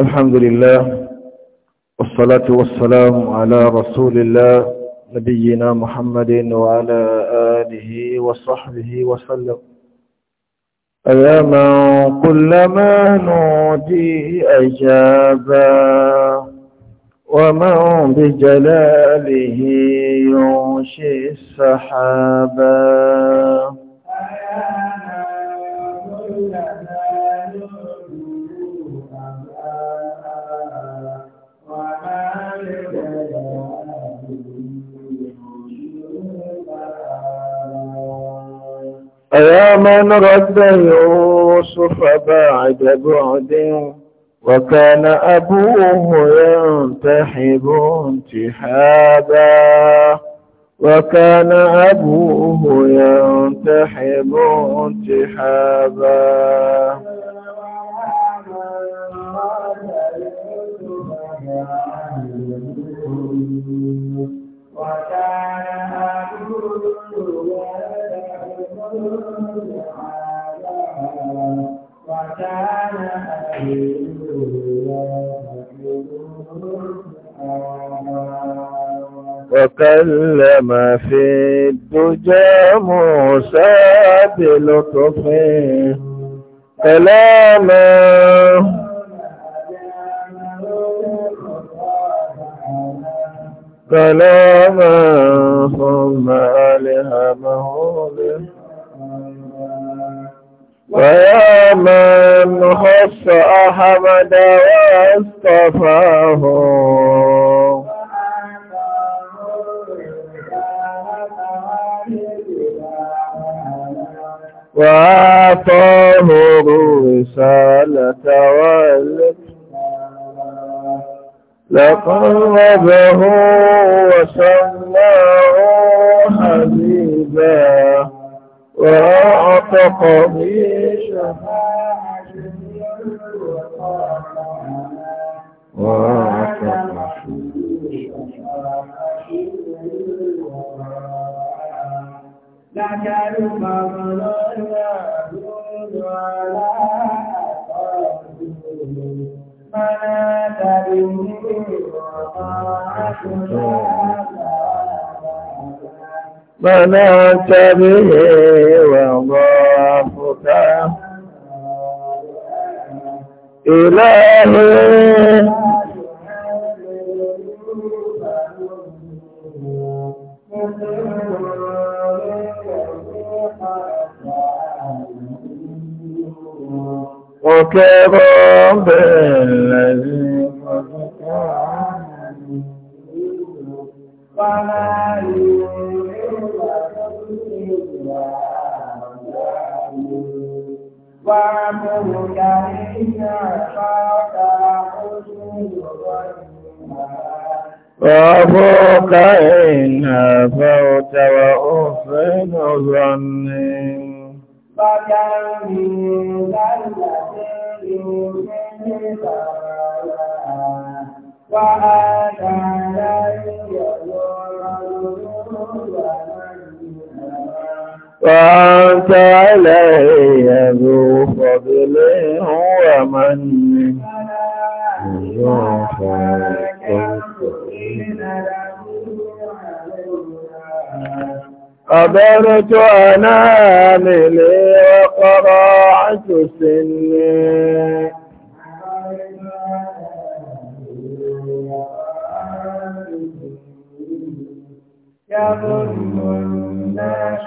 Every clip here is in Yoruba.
الحمد لله والصلاة والسلام على رسول الله نبينا محمد وعلى آله وصحبه وسلم أياما من كلما نودي أجابا ومن بجلاله ينشي السحابا يا من رد يوسف بعد بعد وكان أبوه ينتحب انتحابا وكان أبوه ينتحب انتحابا وكان وكلم في الدجى موسى بلطف كلاما كلاما ثم ألهمه به ويا من خص أحمد واصطفاه وأعطاه الرسالة لقربه وسماه حبيبا tọkọ. Mọ̀nà tàbí ẹ̀wọ̀n إلهي وكرب الذي وما واعبدك إنا وأبوك إن فوت وأحسن ظني فكم من ذلة وآتى علي نور وأنت علي ذو فضل ومن قدرت ملي وقراعة سني يظن الناس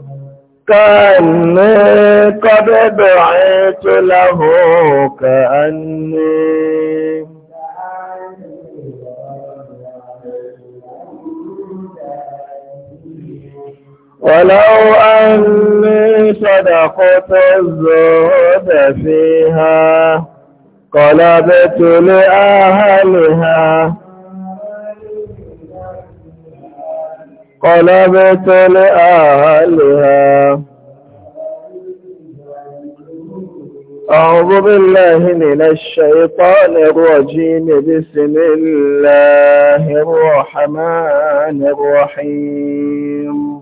كأني قد دعيت له كأني ولو أني صدقت الزهد فيها قلبت لأهلها قلبت لأهلها أعوذ بالله من الشيطان الرجيم بسم الله الرحمن الرحيم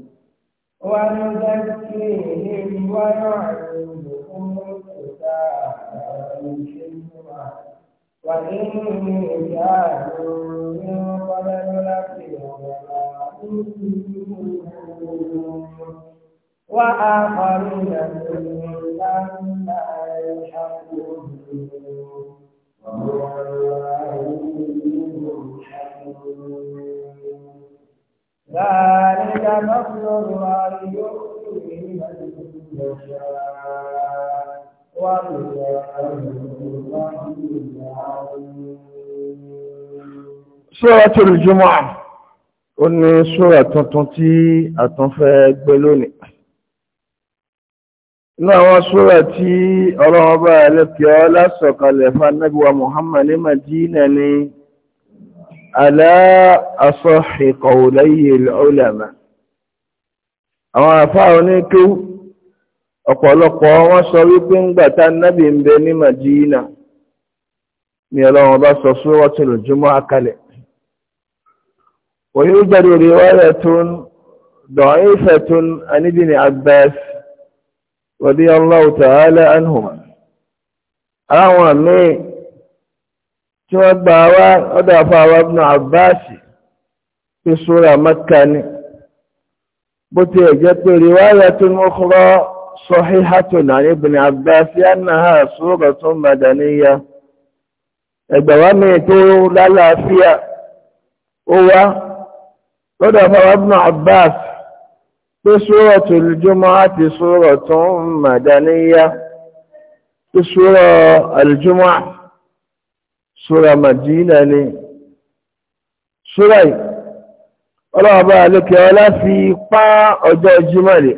ونزكيهم ونعلمهم الكتاب والحكمة وإن كانوا من قبل لفي وآخرين منهم لما يلحقوا بهم وهو الله ذلك فضل الله يؤتيه من يشاء Suratul Jumu'ah ó ní sura tuntun tí a fẹ́ gbé lónìí. Inú àwọn sura tí ọlọ́wọ́ bá ẹlẹ́kẹ̀ọ́ lásọ̀kalẹ̀ fún Ànábì wa Madina ni على أصح قولي العلماء àwọn àfáà oníkú ọ̀pọ̀lọpọ̀ wọ́n sọ wípé ń gbàtà nábì ń bẹ ní Madina ويوجد رواية ضعيفة عن ابن عباس رضي الله تعالى عنهما A tí wọ́n gbà wá ọ̀dọ̀ àfáwà Ibn Abbas pé súra Mẹ́kà ni bó ti ẹ̀jẹ́ pé tó riwayatun ukhra sahihatun an Ibn Abbas annaha suratun madaniyya ẹgbẹ̀ wá mi tó lálàáfíà ó wá lọ́dọ̀ àfáwà Ibn Abbas pé suratul Jumu'ati suratun madaniyya pé súra al-Jumu'ah sura madina ni sura yìí ọlọ́wọ́ bá ọlá fi ọjọ́ jímọ̀ rẹ̀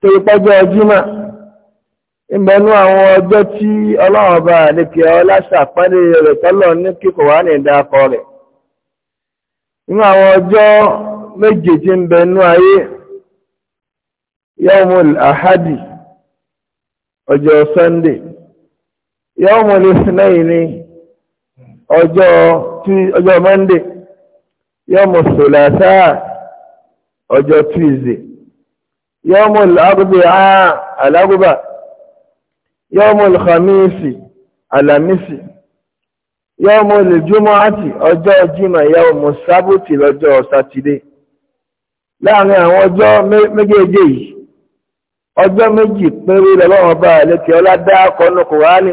tó ipọ́jọ́ jímọ̀ ìbẹ̀nú àwọn ọjọ́ tí ọlọ́ọ̀bá bá ọlá ṣàpárí rẹ̀ ní kíkọ̀ wà ní ìdákọ rẹ̀ inú àwọn ọjọ́ ayé ahadi ọjọ́ sunday yọ́mù lè sinẹ́yìn ní ọjọ́ tí ọjọ́ mọ́ndé yọ́mù sọ̀làṣà ọjọ́ tuesday yọ́mù lágùbà alágùbà yọ́mù lùkàmíìsì alamisi yọ́mù lùjúmọ́ àti ọjọ́ jímọ̀ yọ́mù sábùtì lọ́jọ́ sátidé láàrin àwọn ọjọ́ méjèèjì yìí ọjọ́ méjì péré lọ́wọ́ bá lẹ́kẹ̀ọ́ ládàá kọ́nù kùránì.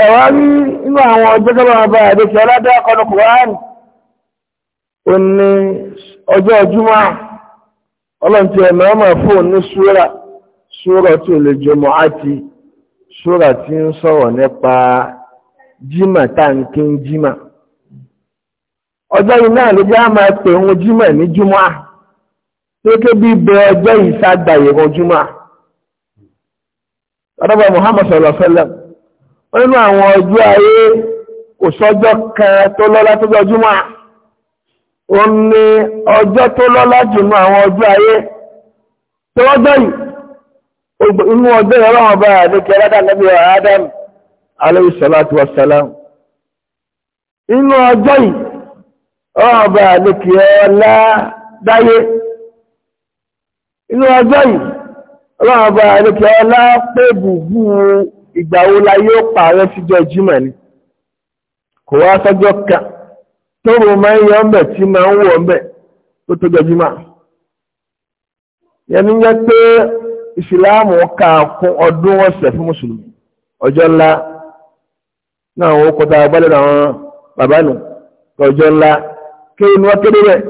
ẹ̀wà rí inú àwọn ọjọ́ tọ́lọ́ ọba àdékẹ́ ọládé ọkọ̀nù kùránì ó ní ọjọ́ ọjúmọ́ ọlọ́ntì ẹ̀mọ́ ọmọ fóònù ní ṣúra ṣúra tí ò lè jọmọ àti ṣúra tí ń sọ̀rọ̀ nípa jímà táǹkì ń ọjọ́ yìí ló jẹ́ àmà pé òun jímà ní júmọ́ gẹ́gẹ́ bí bẹ ọjọ́ yìí ságbà Muhammad sallallahu alaihi wasallam nínú àwọn ọjọ́ ayé òṣọ́jọ́ kan tó lọ́lá tó jọjúmọ́ o ní ọjọ́ tó lọ́lá jùmọ́ àwọn ọjọ́ ayé tó wọ́jọ́ yìí inú ọjọ́ yẹn lọ́wọ́ bá àdékẹ́ rádà lẹ́bí adam alayhi salatu ìgbà wo la yóò pa àwọn tíjọ jímọ̀ ni kò wá sọ́jọ́ kan tóru máa ń yọ ọ́nbẹ tí máa ń wọ̀ ọ́nbẹ tó tó jọjúmọ́ yẹn ní yẹ pé ìsìláàmù ka kún ọdún ọ̀sẹ̀ fún mùsùlùmí ọjọ́ ńlá náà àwọn okòtà agbálẹ̀ àwọn bàbá nù ọjọ́ ńlá kéwì ni wọ́n kéde rẹ̀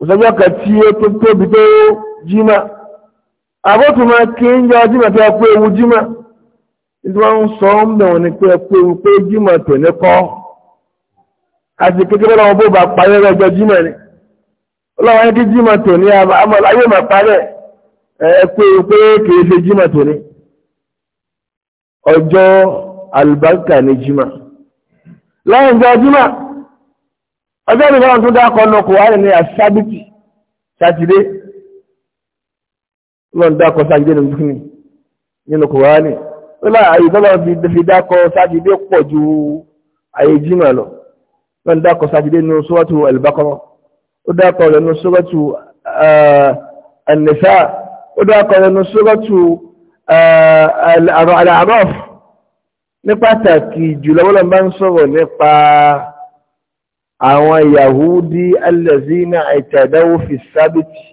òṣèjọ́ kan tí ó tó tóbi tó jímọ̀ àbótùmọ̀ kí ń yọ jímọ̀ tó yẹ ewu jímọ̀ nítorí wọ́n ń sọ ń bẹ̀ wọ́n ni pé ẹ̀pẹ́ wípé jímọ̀ tò ní kọ́ àti kékeré lọ́wọ́ bó bá parí ẹgbẹ́ jímọ̀ ni ọlọ́wọ́ yẹn kí jímọ̀ tò ní amọ̀láyé mà parí ẹ̀pẹ́ wípé kìí ṣe jímọ̀ tò ní ọjọ́ àlùbáríkà ní jímọ̀ lẹ́yìn ìjọ jímọ̀ ọjọ́ ìrìnà tó dákọ̀ lọ kò wáyé ní àṣàbìtì sátidé lọ́n dákọ̀ sátidé nínú kò wáyé lọ́la àyè tọ́lọ́ fi dákọ sátidé pọ̀ ju àyè jimá lọ lọ́n dákọ sátidé nínú sọ́wọ́tù al-Baqara ó dákọ rẹ̀ nínú sọ́wọ́tù eh, an-Nisa ó dákọ rẹ̀ nínú sọ́wọ́tù eh, al-A'raf ní pàtàkì jùlọ wọ́n bá ń sọ̀rọ̀ nípa àwọn Yahudi allazina i'tadaw fi sábìtì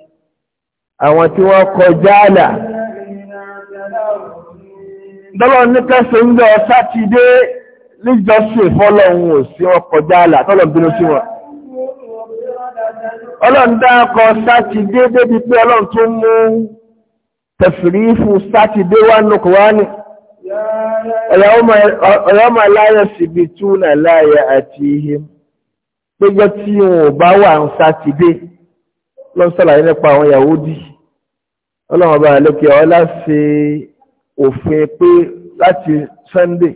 àwọn tí wọ́n kọjá àlà dọ́lọ́ ní kẹsẹ̀ ń lọ sátidé níjọ́sí ìfọ́lọ́hun ò sí wọn kọjá tọ́lọ̀ bínú sí wọn ọlọ́ndá kọ sátidé débi pé ọlọ́run tó mú tẹ̀fìrífù sátidé wà ní kòwání ọ̀yọ́mà láyẹ̀ síbi túnà láyẹ̀ àti ihe péjọ tí wọn ò bá wà ń sátidé lọ́sọ̀lá òfin pé láti sunday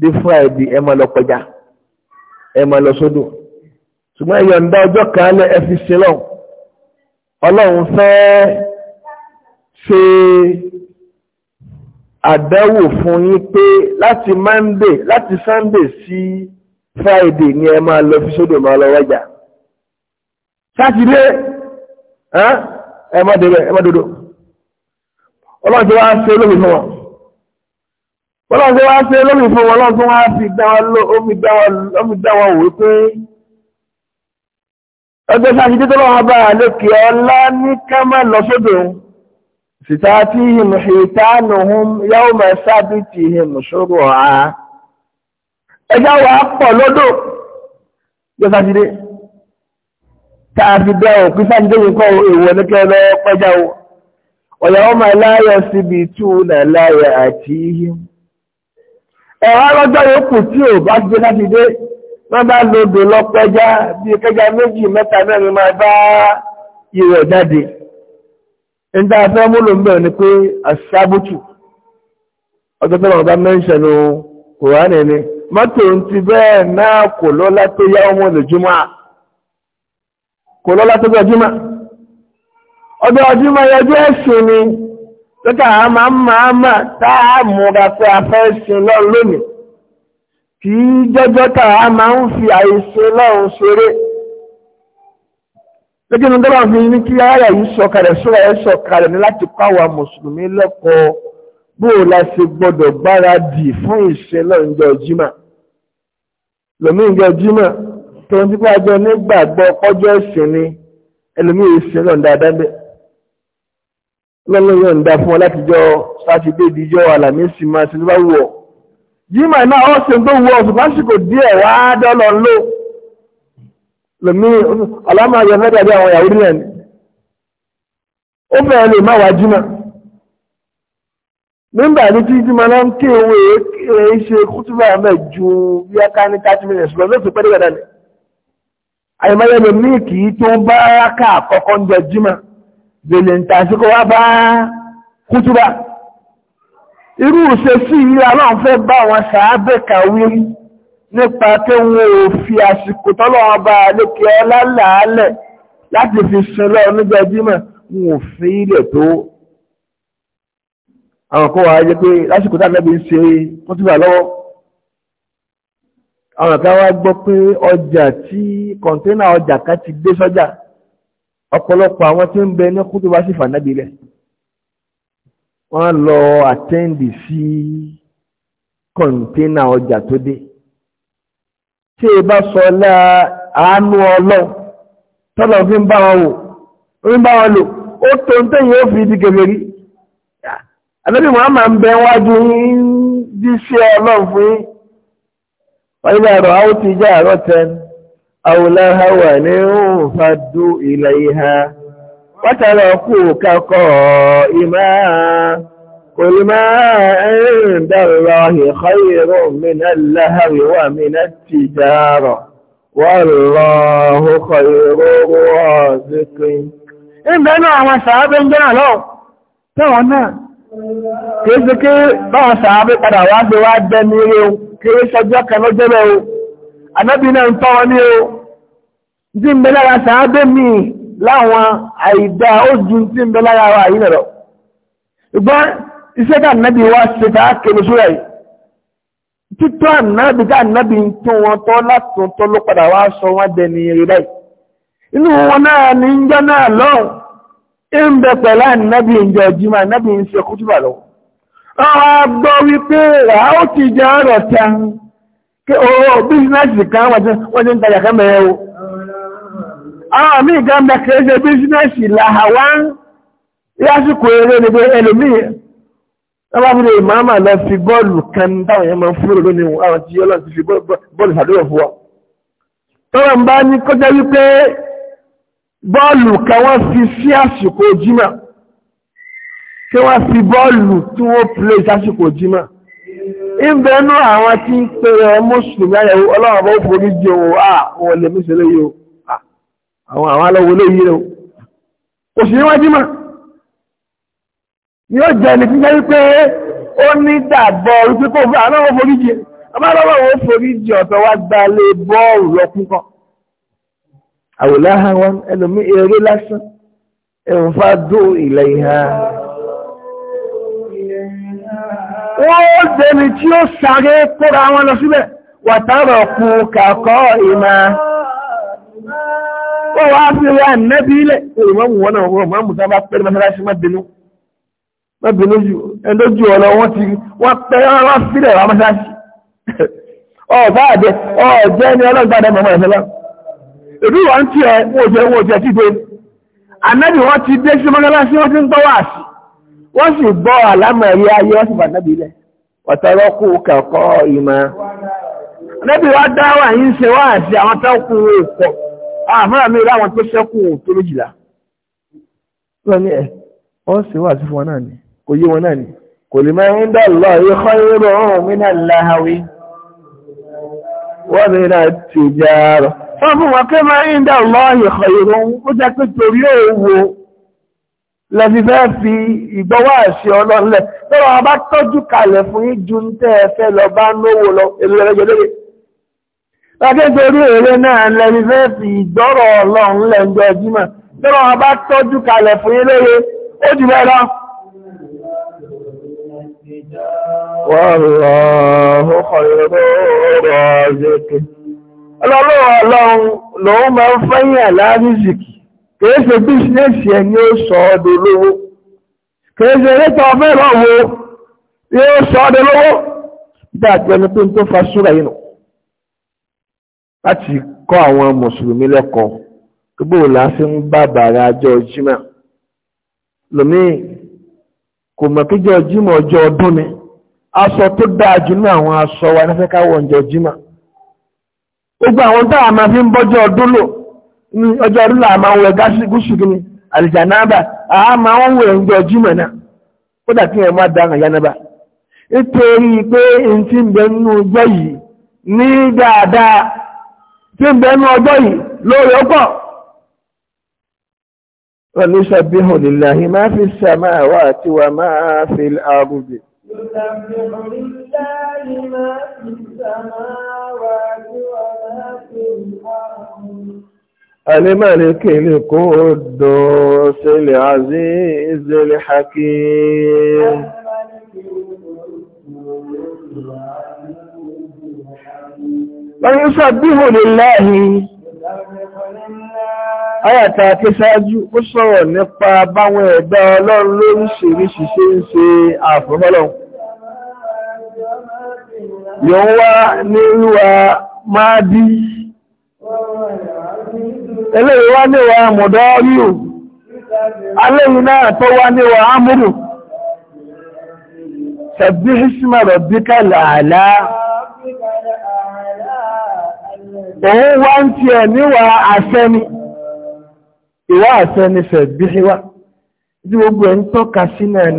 dé friday ẹ máa lọ pẹja ẹ máa lọ sódò ṣùgbọ́n ìyọ̀ǹda ọjọ́ kan lẹ́ ẹ fi ṣe lọ́wọ́ ọlọ́run fẹ́ ṣe àdánwò fún yín pé láti monday láti sunday sí friday ni ẹ máa lọ fi sódò máa lọ wájà sátidé ẹ ẹ má dodo ọlọ́run ti wá ṣe olómi fún wọn ọlọ́run ti wá ṣe olómi fún wọn ọlọ́run tó wá fi dá wọn wò pé ọjọ́ sáàkì tó lọ́wọ́ bá lókè ọlá ní kẹ́mà lọ́sọ́dọ̀ síta tí hìm ṣètánù hùm yàwó mẹ́ sábì tí hìm ṣòro ọ̀há ẹjá wà pọ̀ lọ́dọ̀ ọjọ́ sáàkì dé bẹ́ẹ̀ òkú sáàkì yìí kọ́ èèwọ̀ ní kẹ́lẹ́ pẹ́jáwó ويوم لا يثبتون لا يأتيهم ẹ̀wà lọ́jọ́ yòókù tí ò bá gbé láti dé wọ́n bá lòdò lọ pẹja bí kẹja méjì mẹ́ta mẹ́rin máa bá ìrẹ̀ jáde nígbà fẹ́ múlò mẹ́rin ni pé àṣàbùtù ọjọ́ tó wọ́n bá mẹ́ṣẹ̀nù ni mọ́tò ń ti bẹ́ẹ̀ náà kò lọ́lá tó yá ọmọ ìlú ọdọ ọdún máa yọjú ẹ̀sìn ni lọ́tà àmà àmà tá a múra pé a fẹ́ sin lọ́run lónìí kì í jẹ́jọ́ tá a máa ń fi àìsìn lọ́run ṣeré lókínú tó bá fi ní kí ayà yìí sọ̀kalẹ̀ sọ́ra ẹ̀ sọ̀kalẹ̀ ní láti pàwà mùsùlùmí lẹ́kọ̀ọ́ bóò la ṣe gbọ́dọ̀ gbáradì fún ìṣẹ́ lọ́njọ́ jímà lómi ìjọ jímà tó ń dípò àjọ nígbàgbọ́ kọjọ́ ìsìn ni ẹlòmí ìṣẹ́ lọ́n dáadáa bẹ́ẹ̀ lọ́lọ́ yóò ń dá fún ọ láti jọ sátidé ìdíjọ́ àlàmísì máa ti bá wù ọ́ yíma náà ọ́ sì ń tó wù ọ́ ṣùgbọ́n àsìkò díẹ̀ wá dọ́lọ̀ ń lò lòmí ọ̀làmáyọ mẹ́ta bí àwọn ìyàwó nílẹ̀ ni ó fẹ́ẹ́ lè má wá jímà nígbà ní tí jímà náà ń ké owó èé ṣe kútùbà mẹ́ ju bí a ká ní thirty minutes lọ lóṣù pẹ́ dígbàdá ni àyèmáyẹ lòmí kì í tó bá rákà àkọ́kọ́ ń gbèlè ń tàṣí kó wá bá kútúbà irú ìṣe sí ilé aláwọ̀ fẹ́ bá wọn sàábẹ̀ kàwé nípa pé wọn ò fi àsìkò tọ́lọ́wọ́n bá lékè ọlá làálẹ̀ láti fi sin lọ nígbà jímọ̀ wọn ò fi ilẹ̀ tó àwọn kan wà á jẹ pé lásìkò tá àgbẹ̀bí ń ṣe kútúbà lọ́wọ́ àwọn kan wá gbọ́ pé ọjà tí kọ̀ńténà ọjà kan ti dé sọ́jà ọ̀pọ̀lọpọ̀ àwọn tí ń bẹ ní kútùbá sí fànábílẹ̀ wọ́n lọ àtẹ́ǹdì sí kọ̀ǹtẹ́nà ọjà tó dé tí è bá sọ láà àánú ọlọ́ tọ́lọ̀ fi ń bá wọn wò ń bá wọn lò ó tó ń tẹ́yìn ó fi di gẹ̀gẹ̀rí àdébí Muhammad ń bẹ wájú yín jíṣẹ́ ọlọ́run fún yín wáyé àrọ̀ áwọ̀ ti jẹ́ àrọ̀ tẹ́ni أو لهوى فادوا إليها وتركوك قائما قل ما عند الله خير من اللهو ومن التجارة والله خير رازق إن بنا ما سعب إن جنا لو تونا كيسكي ما سعب قد عواز واد بنيو كيسا جاك نجلو anábì náà ń tọ́wọ́ ní o tí ń bẹ lára sàábé mi láwọn àìdá ó ju tí ń bẹ lára wa yìí lọ ṣùgbọ́n iṣẹ́ tá ànábì wá ṣe tá a kèrè sóra yìí títọ́ ànábì tá ànábì ń tún wọn tọ́ látún tọ́ ló padà wá sọ wọn dẹni eré báyìí inú wọn náà ní ń jẹ́ náà lọ́hùn ń bẹ pẹ̀lú ànábì ìjọ jimá ànábì ń ṣe kútùbà lọ́wọ́ kí owó bísínẹ́sì kan wọ́n ti ń tajà kan bẹ̀rẹ̀ o àwọn ah, míì kan bẹ̀ kìí ṣe bísínẹ́sì làhàwá yásìkò eré ni pé ẹlòmíì lọ́wọ́ bí ìmáàmà lọ fi bọ́ọ̀lù kan táwọn èèyàn máa ń fúrò lónìí àwọn tí ọlọ́run ti fi bọ́ọ̀lù sàdúrà fún wa tọ́wọ́ ń bá ní kọjá wípé bọ́ọ̀lù kan wọ́n fi sí àsìkò jímà kí wọ́n fi bọ́ọ̀lù tí wọ́n pèlè sásìkò jímà ìbẹ̀nú àwọn tí ń pèrè mùsùlùmí ayẹ̀wò ọlọ́run bó forí jẹ òun à wọn lè mú ìṣẹ̀lẹ̀ yìí o àwọn àwọn alọ́wọ́ lè yí rẹ̀ o kò sí níwájú mà yóò jẹ́ ní fífẹ́ wípé ó ní dàbọ̀ wípé kò fún àwọn ọmọ jẹ ọmọ ọlọ́wọ́ jẹ ọ̀tọ̀ wá gba lé bọ́ọ̀lù wọ́n ó gbẹ̀mí tí ó sáré kóra wọn lọ síbẹ̀ wàtàrọ̀ kú kàkọ́ ìmá ó wá fi rẹ̀ ànẹ́bí ilẹ̀ ìmọ̀mù wọn náà wọ́n mọ̀mù tó bá pẹ́lú mẹ́sàlásí mẹ́bínú ẹlójú ọ̀lọ́ wọ́n ti wọ́n pẹ́ ọlọ́ sílẹ̀ wà mẹ́sàlásí ọ̀bá àdẹ ọ̀jẹ́ ní ọlọ́gbàdẹ mọ̀mọ́ ẹ̀fẹ́ lọ́wọ́ èdè wọn ti ẹ̀ wọ́n jẹ́ wọ́n jẹ́ ti dé ànẹ́bí wọn ti dé sí mọ́sàlásí wọ́n ti ń tọ́wọ́ àṣì wọ́n sì gbọ́ àlámọ̀rí ayé wọ́n sì bà nábì lẹ̀ ọ̀tọ̀rọ̀ kú kẹ̀kọ́ ìmọ̀ nábì wá dá wà ń ṣe wá àti àwọn tó kú òkọ̀ àmọ́ mi láwọn tó ṣẹ́kù tó méjìlá lọ́ní wọn náà máa ń dà lọ ikọ́ ìrọ̀ ó jẹ́ pé torí òwò lẹ́bí fẹ́ fi ìgbọ́wọ́ àṣẹ ọlọ́lẹ̀ lọ́wọ́ a bá tọ́jú kalẹ̀ fún ìjú ń tẹ́ ẹ̀fẹ́ lọ bá lówó lọ èlúrẹ́jọ lórí lákéjọrí èrè náà lẹ́bí fẹ́ fi ìgbọ́rọ̀ ọlọ́run lẹ́jọ jímọ̀ lọ́wọ́ a bá tọ́jú kalẹ̀ fún ilére ó jù bẹ́ẹ̀ lọ ọlọ́run lòun máa ń fẹ́yìn àlárí zìkì kìí ṣe bíṣínẹ́sì ẹ̀ ni ó sọ ọdọ lówó kìí ṣe rétọ fẹ́ràn wo ni ó sọ ọdọ lówó dáàtì ẹni pé tó fa súra yìí nù láti kọ́ àwọn mùsùlùmí lẹ́kọ̀ọ́ gbogbo òlà sí ń bá bàrà àjọ jimá lòmíì kò mọ̀ kíjọ jimá ọjọ́ ọdún ni aṣọ tó dáa jù ní àwọn aṣọ wa ní fẹ́ káwọ̀ ọjọ́ jimá gbogbo àwọn táwọn máa fi ń bọ́jọ́ ọdún lò ní ọjọ́ orí làá máa ń wẹ gáṣí gúúsù kí ọ àlìjànáàbà àá máa wẹ ǹjọ jímọ̀ náà ó dà kí ẹ̀ má dáhùn àyánábà nítorí pé n ti bẹ nínú ọjọ́ yìí ní dáadáa tí bẹ nínú ọjọ́ yìí lórí ọkọ̀ وَنُسَبِّحُ fi مَا الملك القدوس العزيز الحكيم من يسبح لله Ayàtà àti ṣáájú ó sọ̀rọ̀ nípa báwọn ẹ̀dá ọlọ́run lóríṣìíríṣìí ṣe ń ṣe àfọ́fọ́lọ́. Yóò wá ní wíwa máa bí eléyìí wá níwà mọ̀dọ́ríù aléyìí náà tó wá níwà ámúrù tàbí ìsìmọ̀rọ̀ bí kàlà òun wá ń tí ẹ̀ níwà àṣẹni ìwà àṣẹni tàbí tí gbogbo ẹ̀ ń tọ́ka sí náà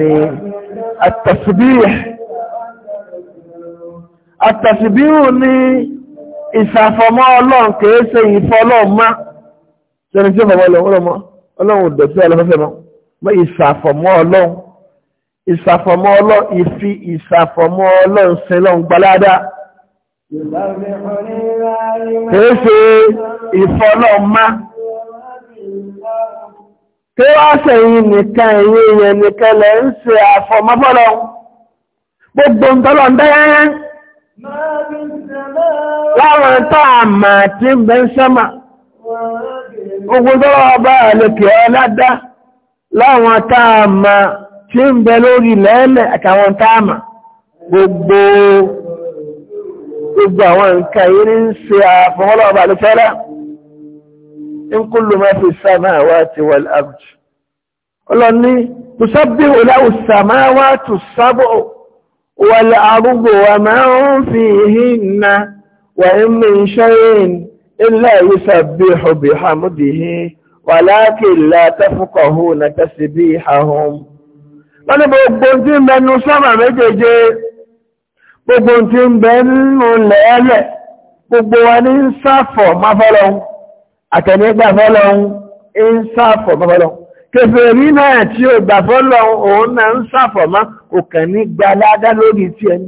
ni ìsàfọmọ́ ìfọlọ́ọ̀má sẹ́ni tí bàbá lọ ọlọ́mọ ọlọ́run òdòtí ọlọ́fẹ́fẹ́ mọ́ mọ́ ìsàfọ̀mọ́ ọlọ́run ìsàfọ̀mọ́ ọlọ́run ìfi ìsàfọ̀mọ́ ọlọ́run sẹ́lọ́run gbalada kìí ṣe ìfọlọ́mà kí wá sẹ́yìn nìkan ẹ̀yìn èèyàn nìkan lẹ̀ ń ṣe àfọ̀mọ́fọ́lọ́ gbogbo ntọ́lọ́ ń bẹ́ẹ̀ láwọn tá a mà tí ń bẹ́ ń sẹ́mà gbogbo tọ́rọ ọba àlẹ́kẹ̀ ọládá láwọn táàmà tí ń bẹ lórí lẹ́ẹ̀lẹ̀ àtàwọn táàmà gbogbo gbogbo àwọn nǹkan yìí ní ń ṣe àfọwọ́lọ́ ọba àlẹ́kẹ̀ ọlá in kullu ma fi samawati wal ardi ọlọ́ni tusabbihu lahu samawatu sab'u ilẹ̀ ìwísà bí ọbì hàmúdìhí wà láàkì ilẹ̀ tẹ́fùkọ̀hù na tẹ́sì bí ahun wọ́n ní gbogbo tí ń bẹnu sọ́mà méjèèjì gbogbo tí ń bẹnu lẹ́ẹ̀lẹ̀ gbogbo wa ní ń sáfọ̀ máfọ́lọ́hun àtẹ̀nígbà fọ́lọ́hun ń sáfọ̀ máfọ́lọ́hun kèfèrí náà tí ó gbà fọ́lọ́hun òun náà ń sáfọ̀ má òkàn ní gbaládá lórí tí ẹni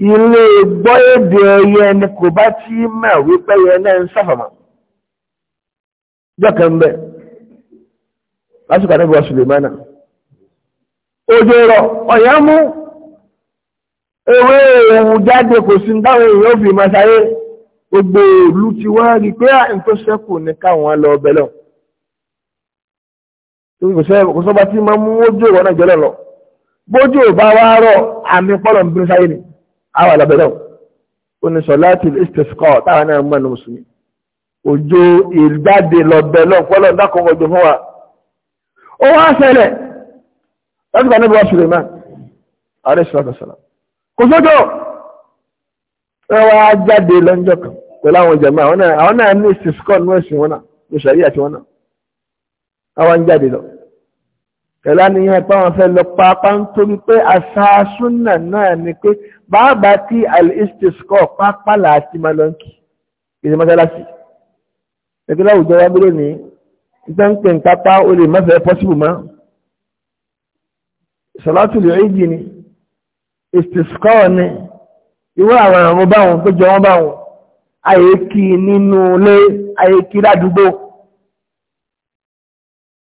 ilé gbọ́ èdè ẹyẹ ni kò bá tí mà wípé ẹyẹ náà ń sáfàmà jọ́kẹ́ ń bẹ̀ lásìkò àdébò Sùlèmánà òjò rọ̀ ọ̀yá mú ewé òun jáde kò sí dáwọn èèyàn òfin máa sáyé gbogbo ìlú ti wá rí pé nǹkan ah, ṣẹ́kù ní káwọn lọ ọbẹ̀ lọ kò sọ́ba tí máa mú ojú ìwọ náà jẹ́ lọ́lọ́ bójú ò bá wá rọ̀ àmì pọ́lọ̀ ń bínú sáyé ni àwọn àlọ́bẹ̀rẹ̀ ó ní sọ̀láàtì istisqa táwọn náà mọ̀ ní mùsùlùmí òjò ìgbàdé lọ́bẹ̀ lọ́n pọ́lọ́ dákọ̀ ọjọ́ fún wa ó wá ṣẹlẹ̀ láti bá níbi wa Suleiman ààrẹ sọ́lọ́sọ́lọ́ kò sójò wọ́n wá jáde lọ́jọ́ kan pẹ̀lú àwọn jàmáà àwọn náà ní istisqa ní ẹ̀sìn wọn náà ní sàríyà tí wọn náà àwọn jáde lọ́wọ́ ẹ̀lá ni yẹn pé wọ́n fẹ́ lọ pápá ń torí pé aṣáṣúnà náà ni pé bàbá tí al-istisqa pápá láti máa lọ kí ìdí mọ́sálásí ẹgbẹ́ láwùjọ wa gbúdọ̀ ní ìgbà ń pè ń pápá ó lè mọ́fẹ́ pọ́sibù mọ́ salatul eid ni istisqa ni ìwọ àwọn àrùn báwọn tó jọ wọn báwọn àyè kí nínú ilé àyè kí ládùúgbò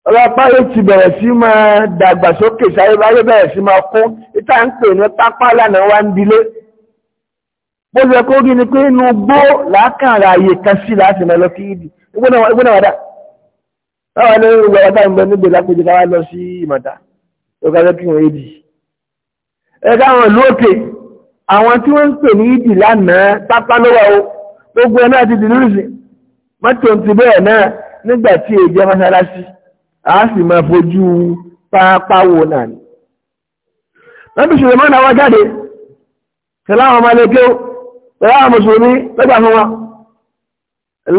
ọlọ́pá yóò ti bẹ̀rẹ̀ sí máa dàgbàsókè sáyébáyé bẹ̀rẹ̀ sí máa kún ìta ń pè ní pápá lánàá wá ń dilé bó ṣe kó rí ni pé inú gbó làákàrà àyè kan sí láti máa lọ kí ìdì ìgbóná wàdà báwa ní ìwà wàdà ń bẹ níbi lápèjì káwá lọ sí ìmọ̀ta tó ká lọ́kì wọn ìdì ẹ káwọn ìlú òkè àwọn tí gbogbo ẹ̀ náà ti mọ́tò ti bẹ́ẹ̀ náà nígbà tí èjì a sì máa fojú pápáwo náà ni wọ́n bí ṣùgbọ́n náà wọ́n jáde tẹ́láwọn ọmọ ilé-ẹgbẹ́ tẹ́láwọn mùsùlùmí lọ́gbà fún wọn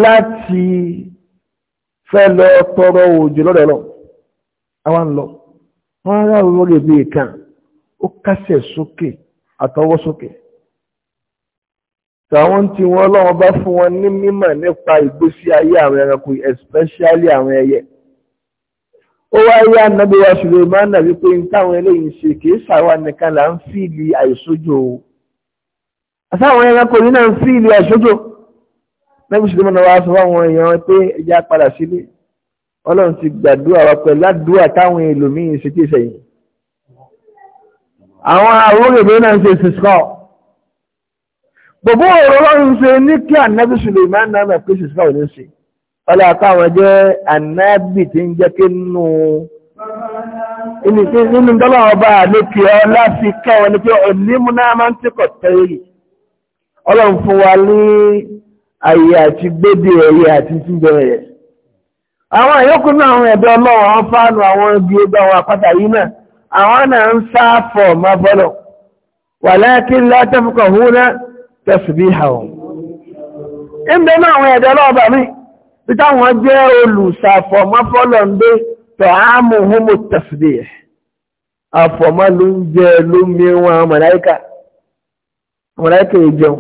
láti fẹ́ lọ tọrọ òjò lọ́dọ̀ lọ àwọn ń lọ wọ́n rárá wọ́n bí ìkan ó kásẹ̀ sókè àtọwọ́ sókè tàwọn tí wọ́n lọ́wọ́ bá fún wọn ní mímọ̀ nípa ìgbésí ayé àwọn ẹranko especially àwọn ẹyẹ ó wá rí ànábì wa Sùlèmánà wípé n táwọn eléyìí ń ṣe kìí ṣàwa nìkan là ń fìlì àìsójò o àtàwọn ẹranko yìí náà ń fìlì àìsójò nábì Sùlèmánà wa sọ fáwọn èèyàn pé ẹja padà sílé ọlọ́run ti gbàdúrà wa pẹ̀lú àdúrà táwọn ẹlòmíín ṣe kí ìṣẹ̀yìn àwọn àwòrán náà ń ṣe ìṣìṣkọ́ gbogbo ọ̀rọ̀ ọlọ́run ṣe ní kí ọlá káwọn jẹ́ ànábì tí ń jẹ́ kí nù inú dọ́là ọba lókè ọ láti kẹwọn ní pé onímúná máa ń tíkọ̀ tẹ́rì ọlọ́run fún wa ní ayé àti gbébí ẹ̀yẹ àti síjọ ẹ̀yẹ àwọn àyókù náà àwọn ẹ̀dọ́ ọlọ́run àwọn fáànù àwọn ibi ọgbà àwọn àpáta yìí náà àwọn náà ń sá fọ̀ má bọ́lọ̀ wà láàkí títà wọn jẹ́ olùsàfọ̀mọ́fọ́lọ̀ ń dé tọ̀hámù homo tasbih àfọ̀mọ́ ló ń jẹ ló mìíràn màláíkà màláíkà ìjẹun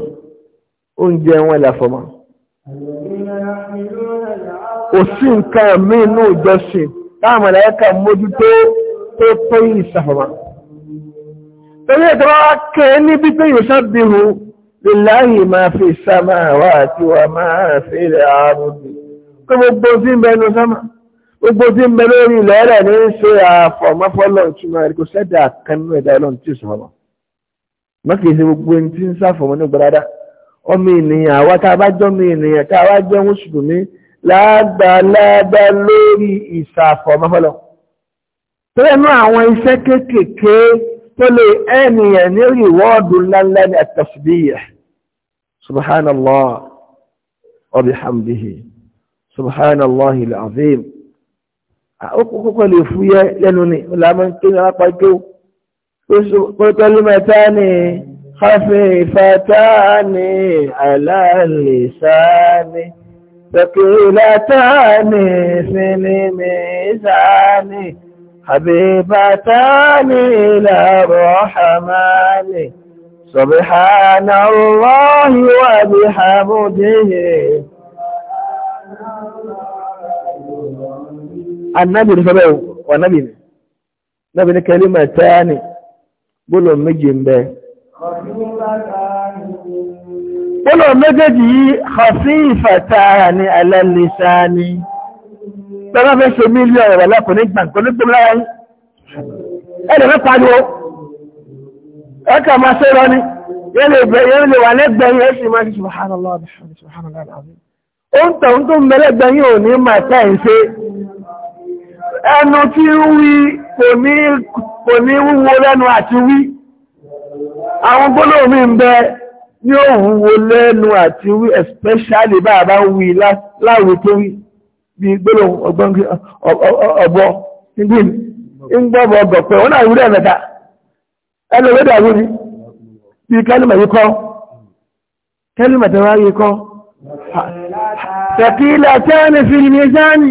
oúnjẹ wọn làfọ̀mọ́ kò sí nǹkan mínú ìjọsìn táwọn màláíkà mójútó tó pé ìsàfọ̀mọ́ torí ẹ̀tọ́ wá kẹ́ níbi pé yóò sábìrù lillahi máa fi sámáwá àti wà máa fi ilẹ̀ àárùn-ún pé gbogbo tí ń bẹ sọ́mà gbogbo tí ń bẹ lórí ilẹ̀ ní ṣe àfọ̀mọ́fọ́lọ́ ìtumọ̀ kan ẹ̀dá ọlọ́run tí sọ̀rọ̀ mọ́kì ṣe gbogbo ẹni tí ń sáfọ̀mọ́ ní gbọ́dá ọmọ ènìyàn àwa tá a bá jọ́ ọmọ ènìyàn tá a wá jẹ́ mùsùlùmí lágbàlágbà lórí ìsàfọ̀mọ́fọ́lọ́ tẹ́lẹ̀ àwọn iṣẹ́ kéékèèké tó lè ẹnìyàn ní rìwọ́ọ̀dù ńláńlá ní سبحان الله العظيم أقوك lè fúyẹ́ لا من كنا kí قلت المتاني خفيفتاني خفيفتان على اللسان ثقيلتاني في الميزان حبيبتاني إلى الرحمن سبحان الله وبحمده anábì ní sọ́bẹ̀ wà nábì ní nábì ní kẹ́lí mà táyánì gbọ́dọ̀ méje ń bẹ. gbọ́dọ̀ méjèèjì yìí kọ̀sí ìfàtàrà ní alálẹ́sá ni tọ́lá fẹ́ ṣe mílíọ̀nù ọ̀rọ̀ lọ́kùnrin gbàǹkan ní gbọ́dọ̀ láyé ẹ̀dẹ̀ mẹ́ta ni ó ẹ̀kà máa ṣe lọ ní yẹ́lẹ̀ wà lẹ́gbẹ̀yìn ẹ̀sì máa ṣe subhanallah subhanallah alazim ó ń tọ̀ ń tó mẹ́lẹ́gbẹ̀yìn ò ní máa tẹ́ ìṣe ẹnu tí ń wí kò ní wúwo lẹ́nu àti wí àwọn gbólóò mi ń bẹ ní ó wúwo lẹ́nu àti wí especially bá bá ń wí láwí tó wí bí gbólóò ọgbọ́n ọgbọ́ nígbì ń gbọ́bọ̀ ọgbọ̀pẹ̀ wọ́n náà wúrẹ̀ mẹ́ta ẹnu ló dàrú ni bí kẹ́lìmà yìí kọ́ kẹ́lìmà tẹ́wàá yìí kọ́ tẹ̀kílẹ̀ tẹ́ni fi ní sáni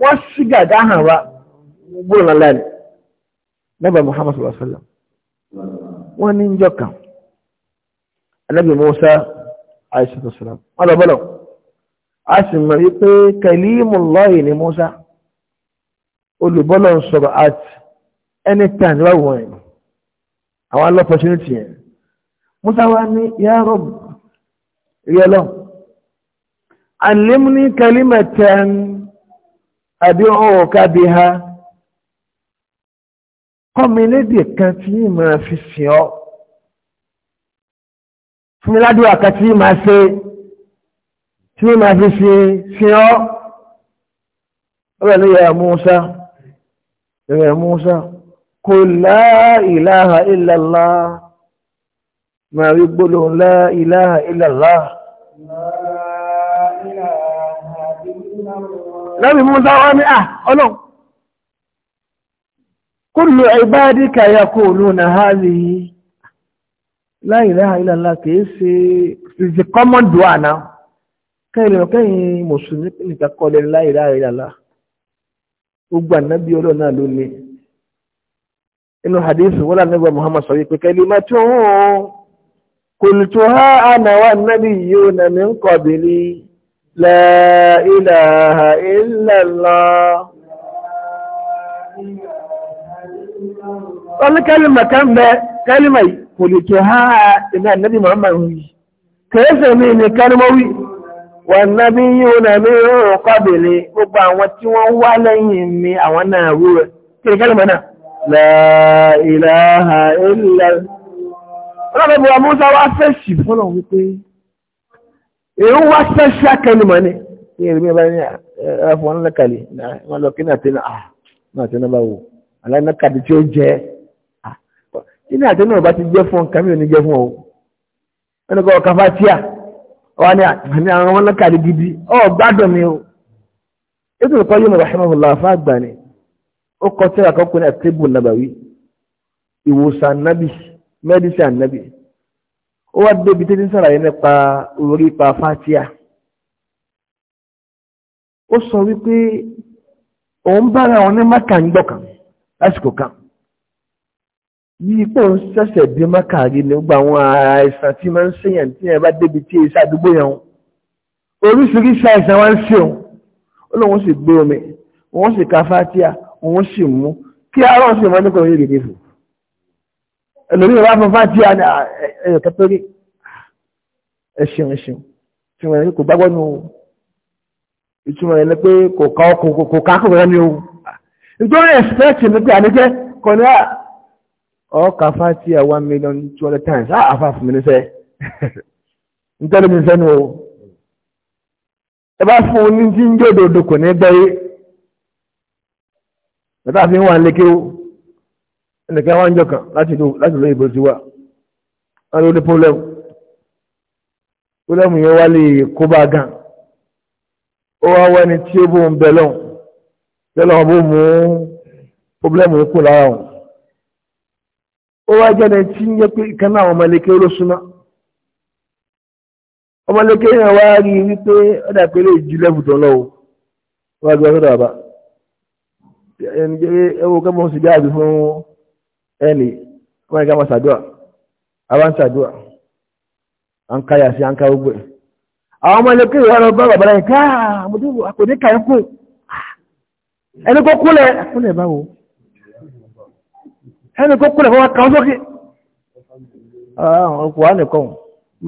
wọ́n sì gàdá hàn wá gbóòrùn lálẹ́ ni nẹ́bà Muhammad sallallahu alaihi wa sallam wọ́n ní njọ́ kan anábì Musa alayhi sallam wọ́n lọ bọ́lọ̀ a sì mọ̀ wípé kalimullahi ni Musa olùbọ́lọ̀ ń sọ̀rọ̀ at any time wá wọ̀n àwọn alọ́pọ̀tunity yẹn Musa wá ní ya Rabb rí ọlọ́run alimni kalimatan ad'uka biha kọ́mi lédè kan tí yìí máa fi sìn ọ́ fún mi ládùúgbò àkàtì yìí máa ṣe tí yìí máa fi sìn ọ́ ọ̀rẹ́ ló yẹ Musa yẹ Musa qul la ilaha illallah rí gbólóhùn la ilaha lọ́bí Musa wọ́n ní à ah, ọlọ́n kullu ibadika yaquluna hadhihi la ilaha illallah kìí ṣe is the common dua kẹ́yìn kẹ́yìn mùsùlùmí nìkan kọ́ lẹ́nu la ilaha illallah gbogbo ànábì ọlọ́run náà ló ní inú hadith wọ́n lànà ìgbà Muhammad sọ wípé لا إله إلا الله kan bẹ kẹ́lìmà kò ha ha iná nabi muhammadu wí kẹ́ẹ̀sẹ̀ mi ni kẹ́lìmọ́wí wà nábi yíò na mi rọrùn kọ́bìnrin gbogbo àwọn tí wọ́n wá lẹ́yìn mi àwọn na. wú rẹ̀ kí wa Musa wa fashi ilaha illa èyí wá sẹ́ṣẹ́ akẹ́lùmọ́ ní ìrìn bí ní ẹ̀fọ́ wọn lẹ́kàlẹ̀ lọ kí náà ah náà bá wò tí ó jẹ́ ah kí náà bá ti jẹ́ fún ọ kàmí ò jẹ́ fún ọ wọn fatia ah, wọn ni àwọn gidi ọ gbádùn mi o ètò ìkọ́ yìí mo rà ṣẹ́mọ́ fún àgbà ni ó kọ́ tẹ́lẹ̀ àkọ́kọ́ ní nàbàwí ìwòsàn ó wá débi tí ń sàlàyé nípa orí pa fátíà ó sọ wípé òun bára wọn ní mákà ń gbọ̀kàn lásìkò kan bí ipò ń ṣẹ̀ṣẹ̀ bí mákà rí ní gbogbo àwọn àìsàn tí máa ń ṣèyàn tí ẹ bá débi tí iṣẹ́ àdúgbò yẹn o oríṣiríṣi àìsàn wá ń ṣe òun ó lóun sì gbé omi òun sì ka fátíà òun sì mú kí arọ́ sì mọ́ nípa òun yìí rèé fò ẹlòmí wá fún fáti à ní ah, ẹyọ kẹtọrí ah, ẹṣin ẹṣin tí wọn kò gbàgbọ́ nù ìtumọ̀ yẹn pé kò ká ọkọ̀ kò ká kò rẹ́ ni o nítorí ẹ̀sìpẹ́ẹ̀tì ní pé àníkẹ́ kọ́ ní ọkà fáti à one million two hundred times á ah, àfa fún mi ní sẹ́ nítorí mi sẹ́nu o ẹ bá fún un ní tí ń jẹ́ òdòdó kò ní bẹ́ẹ̀ bàtà fi ń wà lékè o ẹnìkan wá ń jọ kan láti lóyún ìbò sí wa wọn ló ní pọ́lẹ́mù pọ́lẹ́mù yẹn wá lè kó bá gan ó wá wá ẹni tí ó bóun bẹ lọ́hùn tẹ́lẹ̀ wọn bó mú pọ́lẹ́mù yẹn kù lára wọn ó wá jẹ́ ẹni tí ń yẹ pé ìkan àwọn ọmọlẹ́kẹ́ ló súná ọmọlẹ́kẹ́ yẹn wá rí i wípé ó dà pé lè ju lẹ́bù tó lọ́wọ́ wọ́n á gbé ọ̀sọ́dọ̀ àbá ẹ̀wọ̀n kẹ́mọ́ sì dáàbí fún ẹ̀lì wọ́n ẹ̀gá máa ṣàdúrà àwọn ṣàdúrà à ń káyà sí à ń ká gbogbo ẹ̀ àwọn ọmọ ilé kéwàá lọ bá bàbá yẹn káà àmójúbò àkòdé kà kú ẹni kó kúlẹ̀ kúlẹ̀ báwo ẹni kó kúlẹ̀ fọwọ́ kan sókè àwọn wa nìkan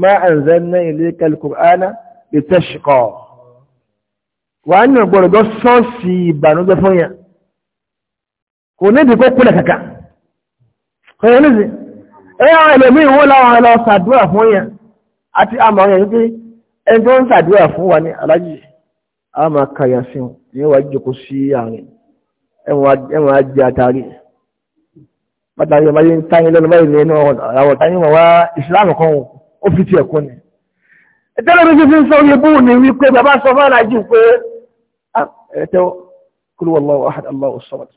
ma anzalna ilayka al-Qur'ana litashqa wàá nà gbọ́dọ̀ sọ́ọ̀sì ìbànújẹ́ fún yẹn kò kó kàkà. kọ̀yẹ̀ ní sí ẹ̀yà ẹlẹ́mí ìwó láwọn ẹlọ sàdúrà fún yẹn àti àmà ọ̀yẹ̀ wípé ẹni tó ń sàdúrà fún wa ní alájì àmà kàyà sí wọn ní wàá jókòó sí àárín ẹ̀wọ̀n ajé àtàrí pàtàkì ọmọ yìí ń táyé lẹ́nu báyìí ní àwọn táyé wọn wá ìsìláàmù kan ó fi tiẹ̀ kún ni ìtẹ́lẹ̀ mi fi ń sọ oye bóun ni wípé bàbá sọ fún alájì pé ẹ̀tẹ́ kúrò wọn lọ́wọ́ àhàdà lọ́wọ́ sọ́wọ́t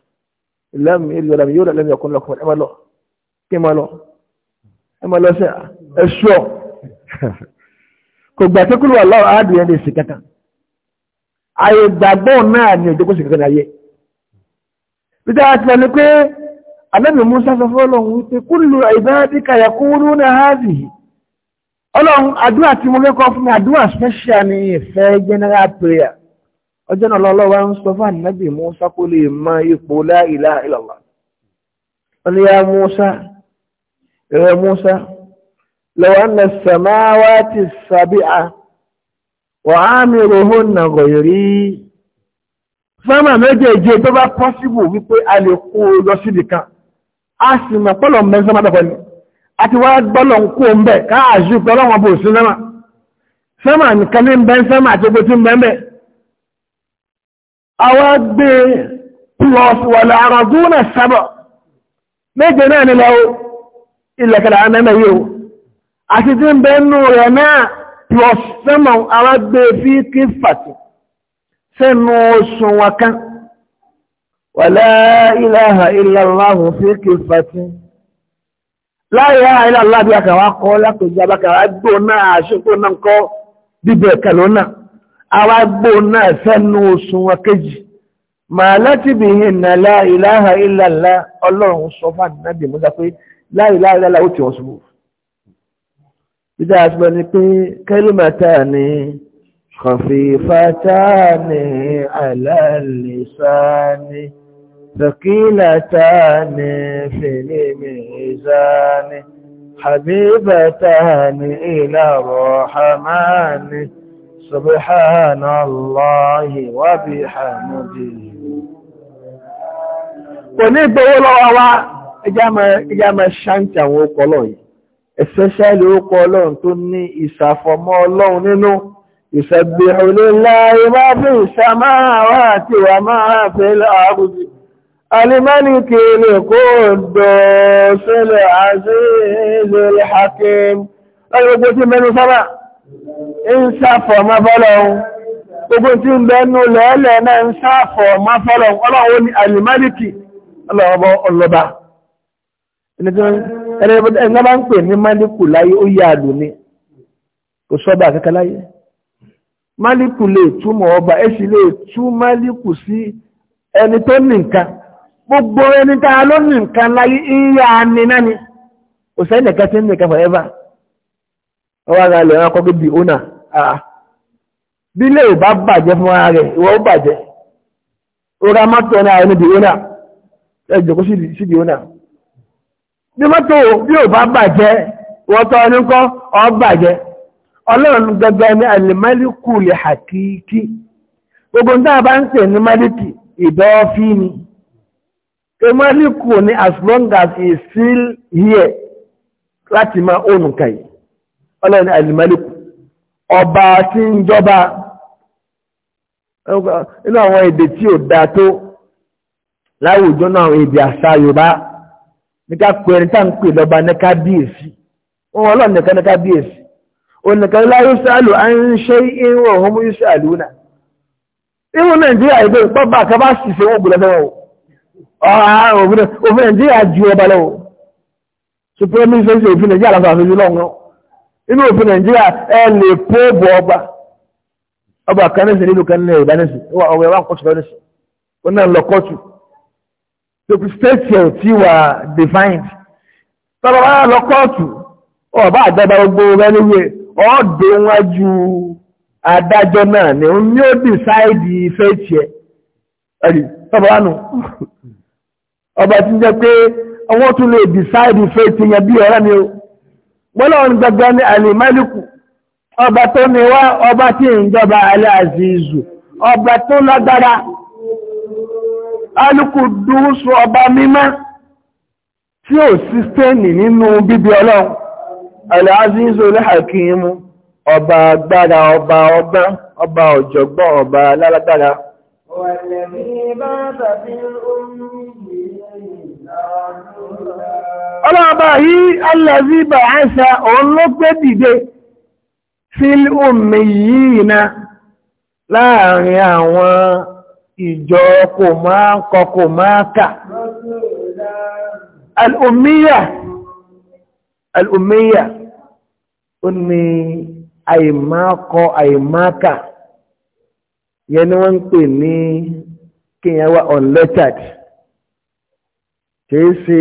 lẹ́mìí yóò lẹ́mìí ọkùnrin lọ́kùnrin ẹ̀ kí n máa lọ ẹ máa lọ sí ẹ ṣọ kò gbà tí kúrò aláwọ àádìyẹ ní ìsìn kankan ààyè ìgbàgbọ́ náà ni òjò kó sì kankan láyé peter àti ẹni pé anábì musa sọ fún ọlọ́run wípé kúlù ìbáradíkà yẹ kó wúrú náà háàzì ọlọ́run àdúrà tí mo lẹ́kọ̀ọ́ fún mi àdúrà special ni ìfẹ́ general prayer ọjọ́ náà lọ́lọ́wọ́ ń sọ fún anábì musa kó lè mọ ipò la ilaha illallah ọlọ́yà musa ìrẹ Musa lọ́wọ́ na sàmáwá ti sàbíà wà á mi rohó na gọ̀yìrí sánmà méjèèjì tó bá pọ́síbù wípé a lè kó lọ síbi kan a sì mọ̀ pọ́lọ̀ mẹ́ sánmàdàpọ̀ ni a ti wá gbọ́lọ̀ ń kó ń bẹ̀ káàzú pọ́lọ́wọ́n bò sí sánmà sánmà nìkan ní bẹ́ sánmà àti ogun tí ń bẹ́ bẹ́ àwọn gbé plus wà láàrọ̀ dúnà sábà méje náà ni lọ́wọ́ ilekere àwọn mẹ́mẹ́ yìí o àti tí ń bẹ nú rẹ̀ náà plus sẹ́mọ̀ alágbé fi kí fàtí sẹ́nu oṣùn wọn kan ilaha illallahu fi kí fàtí láyé ilàláà bí kọ́ lápèjì abákàwà gbò náà àṣíkò náà kọ́ bíbẹ̀ kẹlò náà àwà gbò náà sẹ́nu oṣùn wọn kejì màá láti ilaha ọlọ́run sọ fún láìláìláìláì ó tí wọ́n ṣubú ìdá àṣìbọ̀ ni pé kẹlùmọ̀tà ni kọfífàtà ni aláìlẹ́sáni ثقيلتا فيلم ميزان حبيبتان إلى الرحمن سبحان الله وبحمده ونبه لو ẹjá máa ṣáǹtì àwọn okọ̀ ọlọ́run yìí especially okọ̀ ọlọ́run tó ní ìṣàfọ̀mọ́ ọlọ́run nínú ìṣẹ̀gbẹ̀rù lillahi ma fi samawati wa ma fil ardi alimálìkì lè kó dọ̀ọ́sílẹ̀ azizul hakim lọ́yọ́ gbogbo tí mẹ́nu sábà ń sáfọ̀ mafọ́lọ́un gbogbo tí ń bẹnu lẹ́ẹ̀lẹ̀ náà ń sáfọ̀ mafọ́lọ́un ọlọ́run ni alimálìkì ọlọ́ọ̀bọ̀ ọlọ́ba e bá ń pè ní málíkù láyé ó yá àlò ni kò sọ́bà kankan láyé málíkù lè túmọ̀ ọba ẹ lè tú málíkù sí ẹni tó ní nǹkan gbogbo ẹni ló ní nǹkan láyé ìyá ni náà ni sẹ́yìn nìkan tí ń nìkan wọn kọ́ bí ilé ò bá bàjẹ́ fún ara rẹ̀ ó bàjẹ́ ó ra mọ́tò náà bí mọ́tò bí ò bá bàjẹ́ wọ́n tọ́ ní kọ́ ọ bàjẹ́ ọlọ́run gẹ́gẹ́ ní alìmálìkù lè hàkíkí gbogbo ń dáa bá ń pè ní málìkì ìdọ́ọ̀fí ni pé málìkù ni as long as he still here láti máa ó nùkan yìí ọlọ́run ní alìmálìkù ọba tí ń jọba inú àwọn èdè tí ò dáa tó láwùjọ náà èdè àṣà Yorùbá ní ká pè ẹni tá ń pè lọ́ba ní kábíyèsí wọn ọlọ́run nìkan ní kábíyèsí onìkan láyé sáàlù à ń ṣe irun ọ̀hún mú yíṣẹ́ àlùúnà irun nàìjíríà ìgbé ìpọ́bà kan bá sì ṣe wọ́n gbọ́dọ̀ lọ́wọ́ òfin nàìjíríà ju ọba lọ́wọ́ supreme minister òfin nàìjíríà àfihàn lọ́wọ́ inú òfin nàìjíríà ẹ lè ọba ọba kan nílùú kan tóbi stéètì ẹ̀ tí wà defined tọ́lọ́ wá lọ kóòtù ọba àjọba gbogbo rẹ́lúwẹ̀ ọ̀dọ̀ wájú adájọ́ náà ni òun ni ó dìsáìdì fẹ́ẹ̀tì ẹ̀ ẹ̀rì tọ́lọ́ wá nù ọba tí ń jẹ́ pé ọwọ́ tún lè dìsáìdì fẹ́ẹ̀tì yẹn bí ọ̀rẹ́ mi o gbọ́lọ́run gbẹgbẹ́ ní alimẹ́lìkù ọba tó ní wá ọba tí ń jọba alẹ́ àzízù ọba tó lágbára alùkùdùsù ọba mímọ́ tí ò sí stẹ́nì nínú bíbí ọlọ́run aláàzíńsò ọba agbára ọba ọba ọ̀jọ̀gbọ́n ọba alálágbára ọlọ́ọ̀bá yìí alẹ́bí bà áṣà òun ló gbé dìde fílùmì yìí na láàrin àwọn ìjọ kò máa ń kọ kò máa kà al'ummiya al'ummiya ó ní àìmákọ àìmáka yẹn ni wọ́n ń pè ní kíyàn wá unlettered kìí ṣe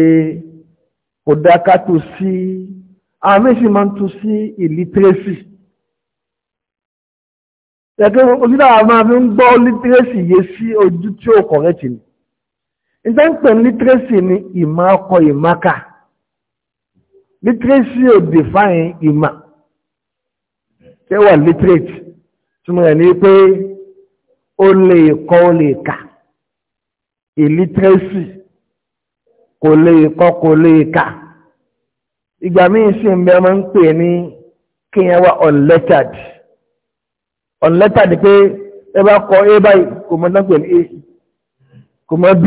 kò dákàtò sí àmì sì máa ń tún sí illiteracy Ẹ̀kẹ́ ojú dára máa fi ń gbọ́ lítírésì yé sí ojú tí ó kọ̀rẹ́tì ni. Ìtẹ́ǹpẹ̀ lítírésì ni ìmọ̀ ọkọ ìmáka. Lítírésì ò define ìmọ̀. Ṣé wà lítírètì? rẹ̀ ni pé ó lè kọ́ ó lè kà. Ìlítírésì kò lè kọ́ kò lè kà. Ìgbà míì sì ń bẹ́ẹ̀ máa ń pè ní kíyẹn unlettered ọ̀nà lẹ́tà ni pé ẹ bá kọ a báyìí kò mọ náà pẹ̀lú a kò mọ b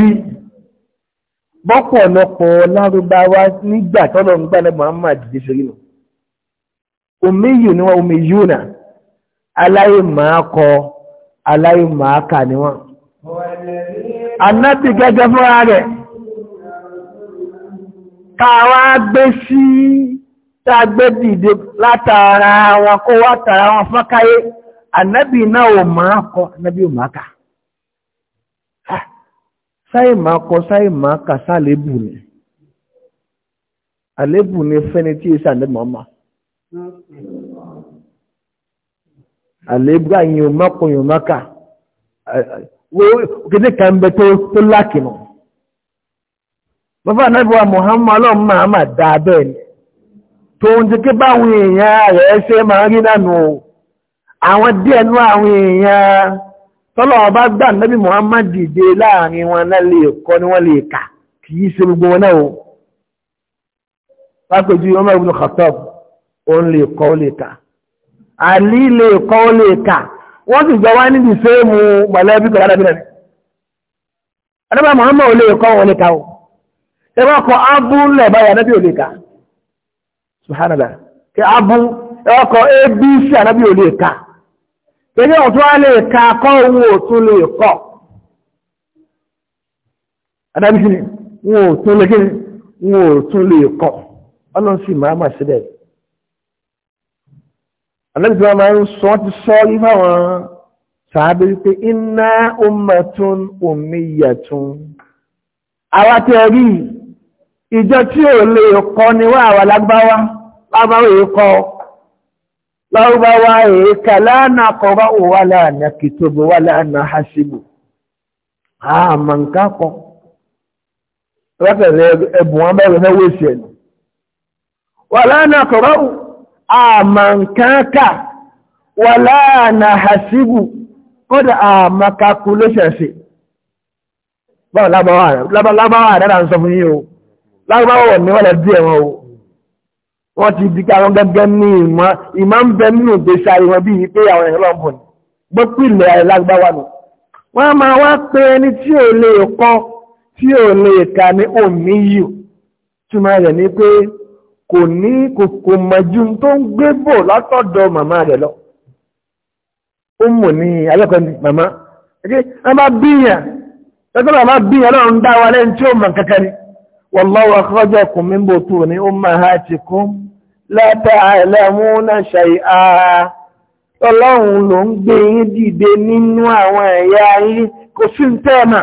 bọ́pọ̀lọpọ̀ lárúbáwá nígbà tọ́lọ̀ ń gbàlẹ̀ Muhammad dé sórí nù omiyu ni wọn omiyu na aláyé màá kọ aláyé màá kà ni wọn. anábì gẹ́gẹ́ fúnra rẹ̀ káwa gbé sí tá a gbé dìde látara wọn kó wá tara wọn fọ́nkáyé. ànábì náà ò máa kọ Sayị ò máa kà sáì máa kọ sáì máa kà sálébù ni àlébù ni fẹ́ni tí èsì ànábì bàbá wa Muhammadu ọlọ́run máa máa dáa ni tòun ti ké báwọn èèyàn rẹ̀ ṣe máa rí àwọn díẹ̀ ní àwọn èèyàn tọ́lọ̀ ọba gbà nẹ́bí Muhammad dìde láàrin wọn náà lè kọ́ ni wọ́n lè kà kì í ṣe gbogbo wọn náà o wọ́n sì wá níbi kọ́ wọn lè kà o ẹwà kọ abú ńlẹ̀ báyà nábí olè ká abú abc Ilé ọ̀tún wá lè ka kọ́ owó òtún lè kọ́. Adábí kí ni, wọn ò tún lè kí ni, wọn ò tún lè kọ́. Ọlọ́run sì máa mà síbẹ̀. Adábí tí wọ́n máa ń sọ ti sọ yífà wọn sàábí wípé inna ummatun ummiyatun. Àwa tẹ rí ìjọ tí ò lè kọ́ ni wá àwa lágbáwá, lágbáwá èyí kọ́ lárúbáwá èékà láàánà kọ̀rọ̀ wà láàánà kìtòbò wà láàánà hasibu àmà nǹkan kọ́ rẹ́pẹ̀rẹ́ ẹ̀bùn wọn bẹ̀rẹ̀ náà wéṣẹ̀ ẹ̀nù wà láàánà kọ̀rọ̀ àmà nǹkan kà wà láàánà hasibu kódà àmà calculation sí rẹ̀ wọ́n ti di káwọn gẹ́gẹ́ ní ìmọ̀ ìmọ̀ ń bẹ nínú ìgbésí ayé wọn bí i pé àwọn ẹ̀rọ ń bọ̀ ní gbọ́pù ilẹ̀ ayé lágbáwá nù. wọ́n á máa wá pé ẹni tí ò lè kọ́ tí ò lè ní òní yìí túmọ̀ rẹ̀ ni pé kò ní tó ń gbé bò látọ̀dọ̀ màmá rẹ̀ lọ. ó mọ̀ ní màmá. bá bíyàn bá bíyàn lọ́run والله أخرجكم من بطون أمهاتكم لا تعلمون شيئا Ọlọ́run ló ń gbé yín dìde nínú àwọn ẹ̀yà yín kò sí ń tẹ́ẹ̀mà.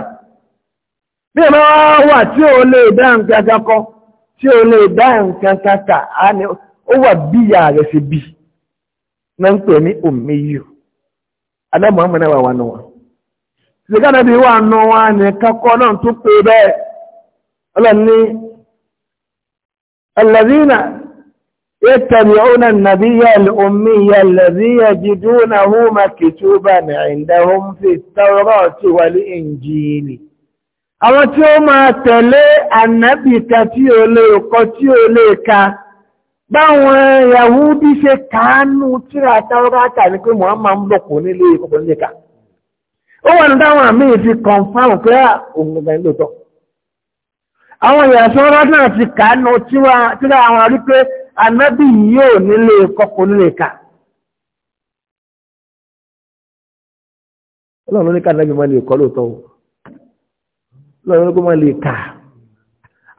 Bí ẹ̀mọ́ wà tí ó lè dá nǹkan kakọ, tí ó lè dá nǹkan kaka, ó wà bí ìyá rẹ̀ sí bí. Náà ń pè ní òmíyù. Adámọ̀ ọmọ náà wà wà nù wọn. Ṣèkánàbí wà nù wọn nìkan kọ́ náà tún pè bẹ́ẹ̀ ọlọ́ni alladhina yattabi'una an-nabiyya al-ummiyya alladhi yajidunahu maktuban 'indahum fi at-tawrati wal-injili àwọn tí ó máa tẹ̀lé ànábìkà tí ó lè kọ tí ó lè ka báwọn Yahudi ṣe kàánú tíra táwọ́rátà ní pé Muhammad ń nílé ìkọ̀kọ̀ àwọn èèyàn tí wọ́n rọ́dún àti kàánú tíra àwọn rí pé anábì yóò nílé kọkùn nílé ká ọlọ́run ní kànáàbì máa lè kọ́ lóòótọ́ ọlọ́run kó máa lè kà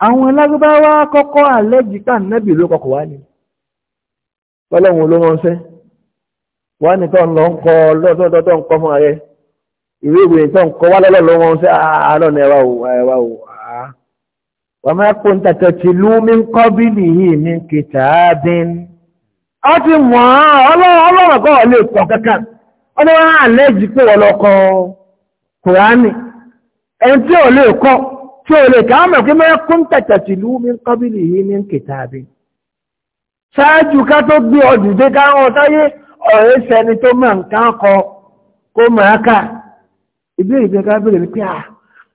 àwọn alágbábáwá kọ́kọ́ àlẹ́jì kànáàbì ló kọkọ̀ wá ní ọlọ́run ló wọ́n fẹ́ wá ní tọ́ ń lọ wá ní ẹwà wọ́n máa kó tẹ̀tẹ̀ tí lú mi ń kọ́ bí nìyí mi kìtà á dín. ti mọ̀ ọ lè sọ kankan wọ́n ní pé wọ́n kùránì ẹni tí ò lè kọ́ tí ò lè káwọn kí máa tẹ̀tẹ̀ tí lú mi ń kọ́ bí nìyí mi kìtà ṣáájú ká tó gbé ọdún dé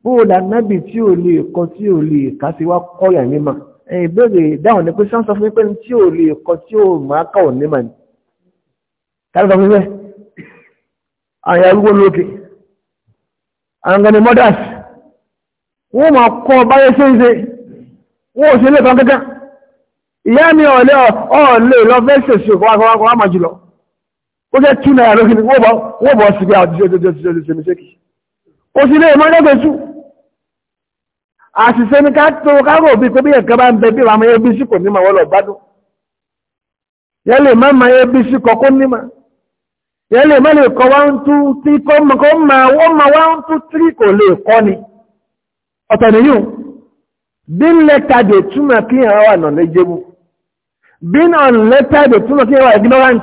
bóòlà nábì tí ò lè kọ tí ò lè kà sí wá kọ́yà mímọ̀ ẹ̀yìn ìbéèrè dáhùn ní pé sáńsọ fún pé tí ò lè kọ tí ò máa kà ò nímọ̀ ni kárí sọ fún bẹ́ẹ̀ àyà arúgbó lókè àǹgànnì mọ́dàs wọ́n máa kọ́ báyé ṣéǹṣe wọ́n ò sí ilé kan kankan ìyá mi ọ̀lẹ́ ọ̀lẹ́ lọ fẹ́ ṣèṣe kọ́ akọ́wákọ́ àmà jùlọ ó jẹ́ tú náírà lókè ni wọ́n bọ̀ sí bí i àti ṣe ṣe ṣe ṣe ṣe ṣe ṣe kì ó sì lè mọ́ lọ́gbẹ̀ẹ́ àṣìṣe ní ká tó káró òbí pé bí ẹ̀kan bá ń bẹ bí wàá máa ẹbí sí kò ní ma wọ́n lọ gbádùn yẹn lè má máa ẹbí sí kọ kó ní ma yẹn lè má lè kọ one two three kọ́ ma kọ́ ma wọ́n ma one two three kò lè kọ́ ni ọ̀tọ̀ nìyí bin letter dey túmọ̀ kí hàn wà nà léjébù bin unletter dey túmọ̀ kí hàn wà ignorant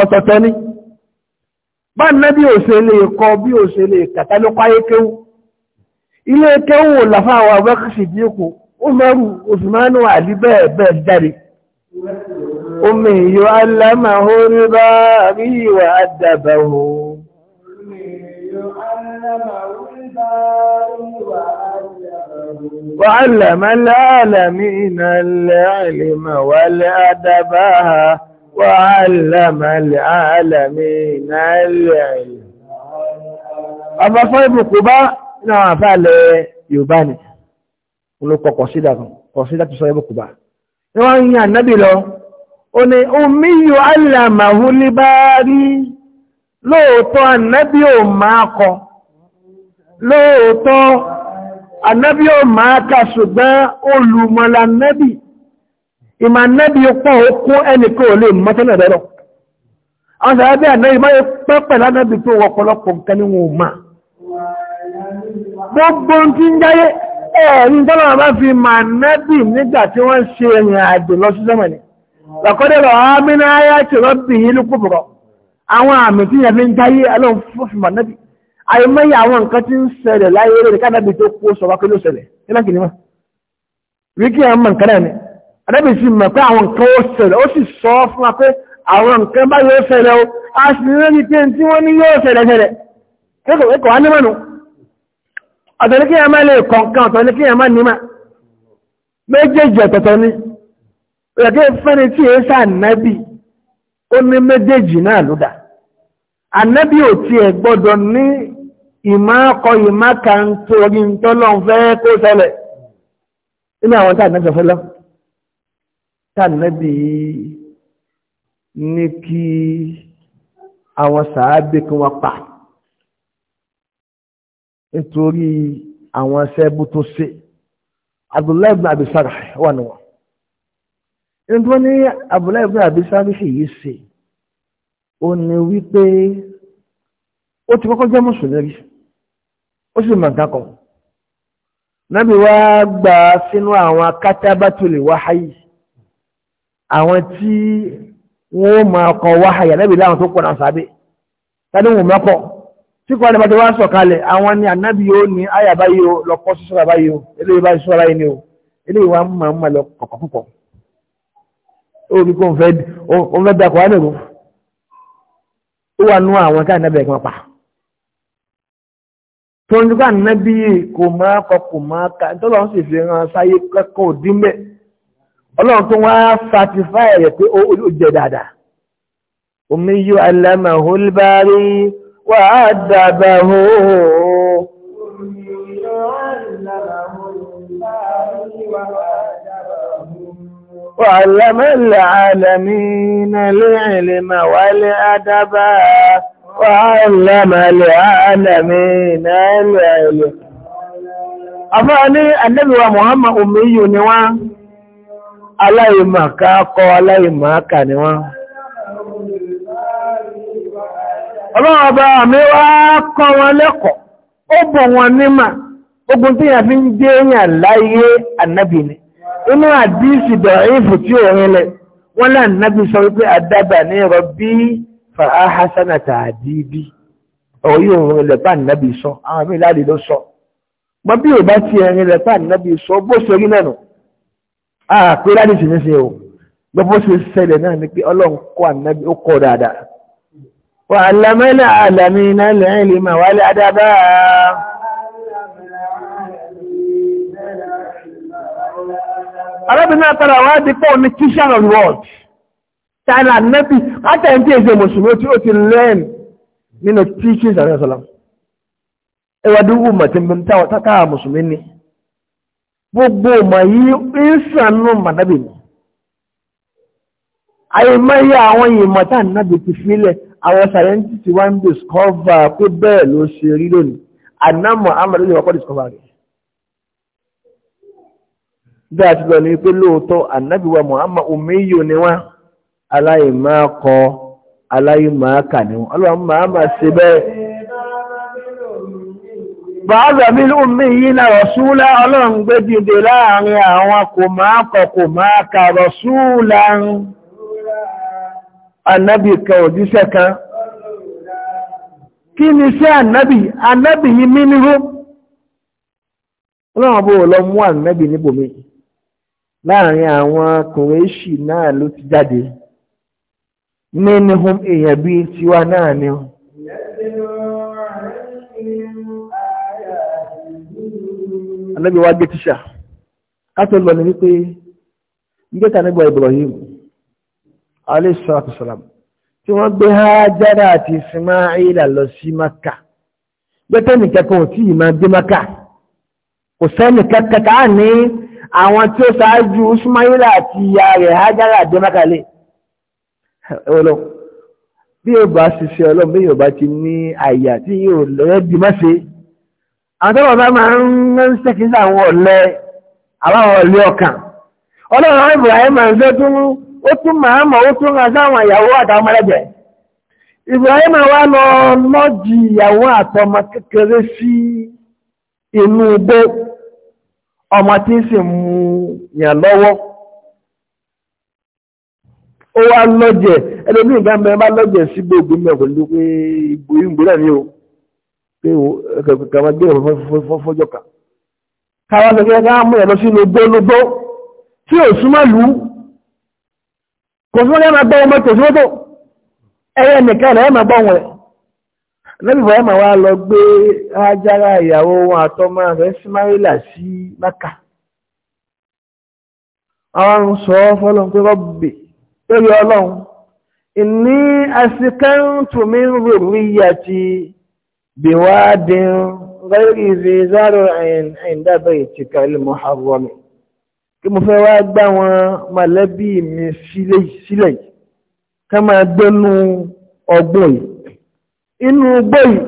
ọ̀tọ̀tọ̀ ni bá nàbí òṣèlè kọ bí òṣèlè kàtàlókọ ayékéwù. ilé kẹwò làfáwà wẹ́kìsì tí ó kò Umaru Usmanu Ali bẹ́ẹ̀ bẹ́ẹ̀ jáde omi yíò alámà orí bá rí ìwà àdàbàwò وعلم العالمين العلم والأدبها وعلم العالمين العلم أبا صيب قباء náà àfáàlẹ̀ yorùbá ni ló kọ kọ̀sídà kan kọ̀sídà tó sọ ẹbù kùbà ni wọ́n ń yàn nábì lọ ó ní omi yóò alàmàhú ní bá rí lóòótọ́ ànábì ò máa kọ lóòótọ́ ànábì ò máa kà ṣùgbọ́n olùmọ̀lá nábì ìmà nábì pọ̀ okú ẹnìkan ò lè mọ́tẹ́lẹ̀ rẹ̀ lọ àwọn sàábẹ́ ànábì máa pẹ́pẹ̀ lánàbì tó wọ́pọ̀lọpọ̀ nǹkan ní máa gbogbo tí ń jáyé ẹ̀rin tọ́lọ̀ bá fi ma nẹ́bì nígbà tí wọ́n ṣe ẹ̀yìn àjò lọ sí sẹ́mọ̀lẹ̀ lọ́kọ́dẹ̀lọ̀ àmìnà ayá tí ó bì í lúkúbọ̀rọ̀ àwọn àmì tí yẹn fi ń jáyé alóhùnfọ́fìmọ̀nẹ́bì àìmọ́yé àwọn nǹkan tí ń ṣẹlẹ̀ láyé rẹ̀ kánàbì tó kó sọ wákó ló ṣẹlẹ̀ nílẹ̀kì ni wọ́n rí kí àwọn nǹkan náà ni adábì sì mọ̀ pé àwọn nǹkan ó ṣẹlẹ̀ ó sì sọ fún wa pé àwọn nǹkan báyìí ó o a sì rí pé tí wọ́n ní yóò ọ̀tọ̀ ní kí ẹ má lè kọ̀ǹkan ọ̀tọ̀ kí ẹ má nímà méjèèjì ọ̀tọ̀tọ̀ ni ẹ̀kẹ́ fẹ́ni tí èé sá ànábì ó ní méjèèjì náà ló dà ànábì ò tiẹ̀ gbọ́dọ̀ ní ìmáàkọ ìmáàkà ń torí ń tọ́lọ́ fẹ́ kó ṣẹlẹ̀ nínú àwọn tá ànábì nítorí àwọn ẹsẹ́bù tó ṣe Abdullahi ibn Abi Sarh wà ní wọn nítorí wọn ní Abdullahi ibn Abi Sarh sì yìí ṣe ó ní wípé ó ti kọ́kọ́ jẹ́ mùsùlùmí rí ó sì mọ̀ nǹkan kan nábì wá gbà sínú àwọn kátàbátulè wáháyì àwọn tí wọ́n máa kọ wáháyà nábì láwọn tó pọ̀ náà sábẹ́ tàbí wọn mọ́kọ̀ọ́ tí kò ní bàtí wá ń sọ̀kalẹ̀ àwọn ni ànábì yóò ní àyà báyìí o lọ kọ́ sísọ́ra báyìí o eléyìí báyìí sọ́ra yìí ni o eléyìí wá ń máa ń máa lọ kọ̀kọ̀ púpọ̀ ó rí kó ń fẹ́ ó ń fẹ́ dàkọ̀ wá nìkú ó wà nú àwọn tí ànábì ẹ̀kan pa tó ń dúkà ànábì kò máa kọ kò máa ka tó lọ́n sì fi ran sáyé kẹ́kọ̀ọ́ dínbẹ̀ ọlọ́run tó wá satisfy rẹ̀ pé ó jẹ dáadáa omi yóò alámà hólbárí وعذبه وعلم العالمين العلم والأدب وعلم العالمين العلم أفاني النبي ومحمد أمي نوا aláìmọ̀ká kọ́ aláìmọ̀ká ni wọ́n ọlọ́ọ̀bá mi wá kọ́ wọn lẹ́kọ̀ọ́ ó bọ̀ wọn nímà ogun tí yà fi ń dé èèyàn láyé ànábì ni inú àdíìsì bẹ̀rẹ̀ ìfò tí wọ́n lá ànábì sọ wípé àdábà ní rọ̀bí fàáhásánà tààdìbí ọ̀rọ̀ yóò rinlẹ̀ bá sọ bá ànábì sọ وعلم العالمين العلم والأدب Arábìnrin àtàrà wá di pọ̀ ní Christian of the world. Tààlà nẹ́bí, látàrí tí èsè Mùsùlùmí tí ó ti lẹ́n nínú teachings àrẹ ọ̀sọ́lá. Ẹwàdí wùmọ̀ tí ń tàà Mùsùlùmí ní. Gbogbo ọmọ yìí ń sànú mànábì nábì àwọn sàyẹ́ntìtì wá ń discover pé bẹ́ẹ̀ ló ṣe rí lónìí ànámọ̀ amadu yóò kọ́ discover rẹ̀ bí a ti lọ ní pé lóòótọ́ ànábìwá Muhammad omiyo ni wọ́n aláìmáa kọ aláìmáa kà ní wọn ọlọ́run máa máa bẹ́ẹ̀ bàbá mi ló mí yí na rọ̀súlá ọlọ́run gbé dìde láàrin àwọn kò máa kọ kò máa kà rọ̀súlá ń Anabi kan òjíṣẹ́ kan kí ni iṣẹ́ ànábì ànábì yìí mí nírú ọlọ́run bó lọ mú níbòmí láàrin àwọn kùrẹ́ṣì náà ló ti jáde nínú èèyàn bí tiwa náà ni ó ànábì wá gbé tíṣà lọ ní wípé gbé Ibrahim aleyhisselam tí wọ́n gbé Hajara àti Ismaila lọ sí maka gbẹ́tẹ́ nìkẹ́kọ̀ọ́ tí ìmọ̀ gbé maka kò sẹ́ni kẹ́kẹ́kẹ́ á ní àwọn tí ó ṣáájú Ismaila àti ìyá rẹ̀ Hajara àti maka lè ọlọ́ bí yóò bá ṣiṣẹ́ ọlọ́run bí yóò bá ti ní àyà tí yóò lọ́rẹ́ di má ṣe àwọn tó bàbá máa ń ń ṣẹ́kí sí àwọn ọ̀lẹ àwọn ọ̀lẹ ọkàn ọlọ́run Ibrahim máa ń fẹ́ ó tún máa mọ̀ ó tún rán sáwọn ìyàwó àtàwọn ọmọlẹ́gbẹ̀ẹ́ Ibrahim wá lọ lọ́jì ìyàwó àtọmọ kékeré sí inú igbó ọmọ tí ń sì mú yàn lọ́wọ́ ó wá lọ́jẹ̀ ẹlẹ́bí nǹkan mẹ́rin bá lọ́jẹ̀ sí gbogbo mẹ́rin pẹ̀lú pé ìgbò ìgbòrẹ̀ ní o pé kàmá gbé kò sí wọ́n ní ẹmà gbọ́ ọmọ tòsí wọ́tò ẹyẹ nìkan rẹ̀ ẹmà gbọ́ wọn lẹ́bìbọ̀ ẹmà wa lọ gbé ajára ìyàwó wọn àtọmọ rẹ̀ sí márílà sí máka àwọn sọ fọ́lọ́n pé rọ́bì lórí ọlọ́run ìní asikántù mi ń rò rí àti bìwádìí rẹ́rì ìzẹ́zárò àyìn àyìn dábẹ̀ ìtìkà ilé kí mo fẹ́ wá gbá wọn mọ̀lẹ́bí mi sílẹ̀ ká máa gbẹ́nu ọgbọ́n yìí inú gbọ́ yìí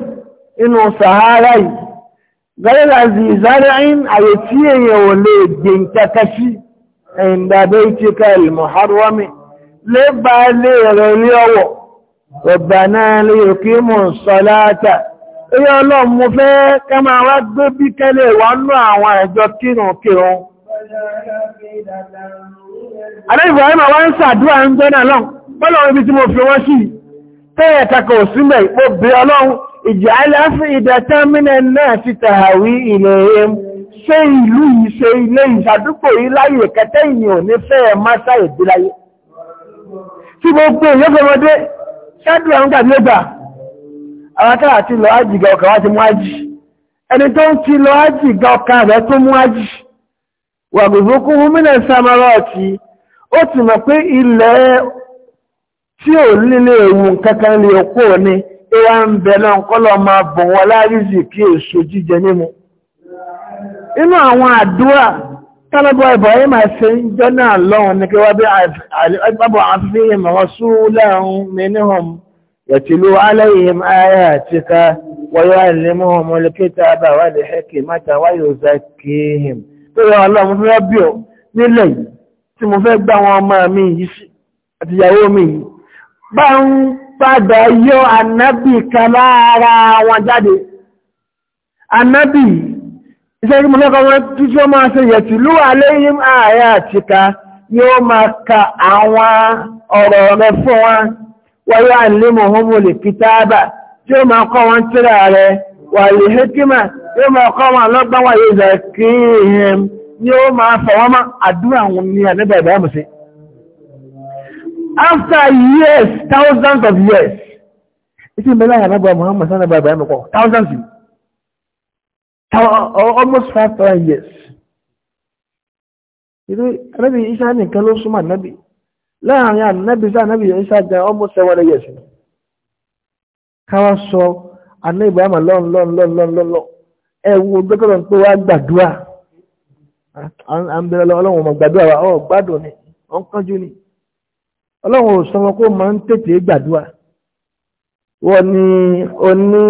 inú sahara yìí gẹ́gẹ́ àti ìzárí'in àyè tí èèyàn ò lè gbé nǹkankan sí ẹ̀yìndàbẹ́ ìtíkà ìlmọ̀háruwámi lè bá lè rẹ̀ ní ọwọ̀ ọ̀bà náà lè kí mọ̀ sọ́láátà èyí ọlọ́run mo fẹ́ ká máa wá gbé bí kẹ́lẹ̀ wánú àwọn àjọ kírùnkírùn Alẹ́ Ibrahim wá ń sàdúrà ń jẹ́ náà lọ́n, pọ́lọ̀ ibi tí mo fi wọ́n sí, tẹ́yẹ̀ takọ̀ òsúnbẹ̀, ó bẹ ọlọ́run, ìjà aláfí ìdàtà mínẹ̀ náà ti tàhàwí ilẹ̀ ẹm, ṣe ìlú ìṣe ilé ìṣàdúgbò iláyè kẹtẹ́ ìyàn ní fẹ́ máṣá ìdíláyé. Tí mo pè e, yọ́fẹ́mọdé, ṣádùn àwọn gàdí ó gbà, àwọn táà àti lọ ájì ga ọkà wá ti mú ájì. Ẹni tó ń ti lọ ájì ga ọkà rẹ̀ tó mú ájì. wàgùzókú húmínà samarọ́ọ̀tì ó ti mọ̀ pé ilẹ̀ tí ò ewu kankan lè kó ni ìwà ń bẹ̀ náà kọ́lọ̀ máa bọ̀ wọn láàrízì kí èso jíjẹ nínú inú àwọn àdúrà tálọ́bọ̀ Ibrahim àṣẹ ń jọ náà lọ́wọ́n ní kí wọ́n bí àbọ̀ àfihàn rasulan minhum yatlu alayhim ayatika wa yu'allimuhumul kitaba wal hikmata wa yuzakkihim pẹ̀lú ọlọ́run fún ọ nílẹ̀ yìí tí mo fẹ́ gbá wọn ọmọ mi yìí sí àti ìyàwó mi yìí bá ń padà yọ ànábì kan lára wọn jáde ànábì iṣẹ́ tí mo lọ́kọ̀ wọn tí tí máa ṣe yẹ̀tì lúwà lẹ́yìn ààrẹ máa ka àwọn ọ̀rọ̀ fún wọn wáyé kìtàbà tí ó máa kọ́ hekima ó mọ̀ ọkọ́ wọn lọ́gbọ́n wáyé ìzẹ̀ kí ìhìn ni ó máa fọ̀ wọ́n má àdúrà wọn ní àníbà ìbáyàmù sí after years thousands of years ìsìn mẹ́lá àníbà Muhammad sanaba ìbáyàmù kọ thousands almost five thousand years ìlú anábì isa nìkan ló súnmọ́ anábì láàrin anábì sá anábì isa gan almost seven years káwá sọ anábì ìbáyàmù lọ́nlọ́nlọ́nlọ́nlọ́ ẹ̀wù gbẹ́kọ̀ọ́ pé wá gbàdúrà à ń bẹ̀rẹ̀ ọlọ́run ọmọ gbàdúrà wa ọ̀ gbádùn ni ọ̀ ń kánjú ni ọlọ́run ò sọ wọn kó máa ń tètè gbàdúrà wọ́n ní oní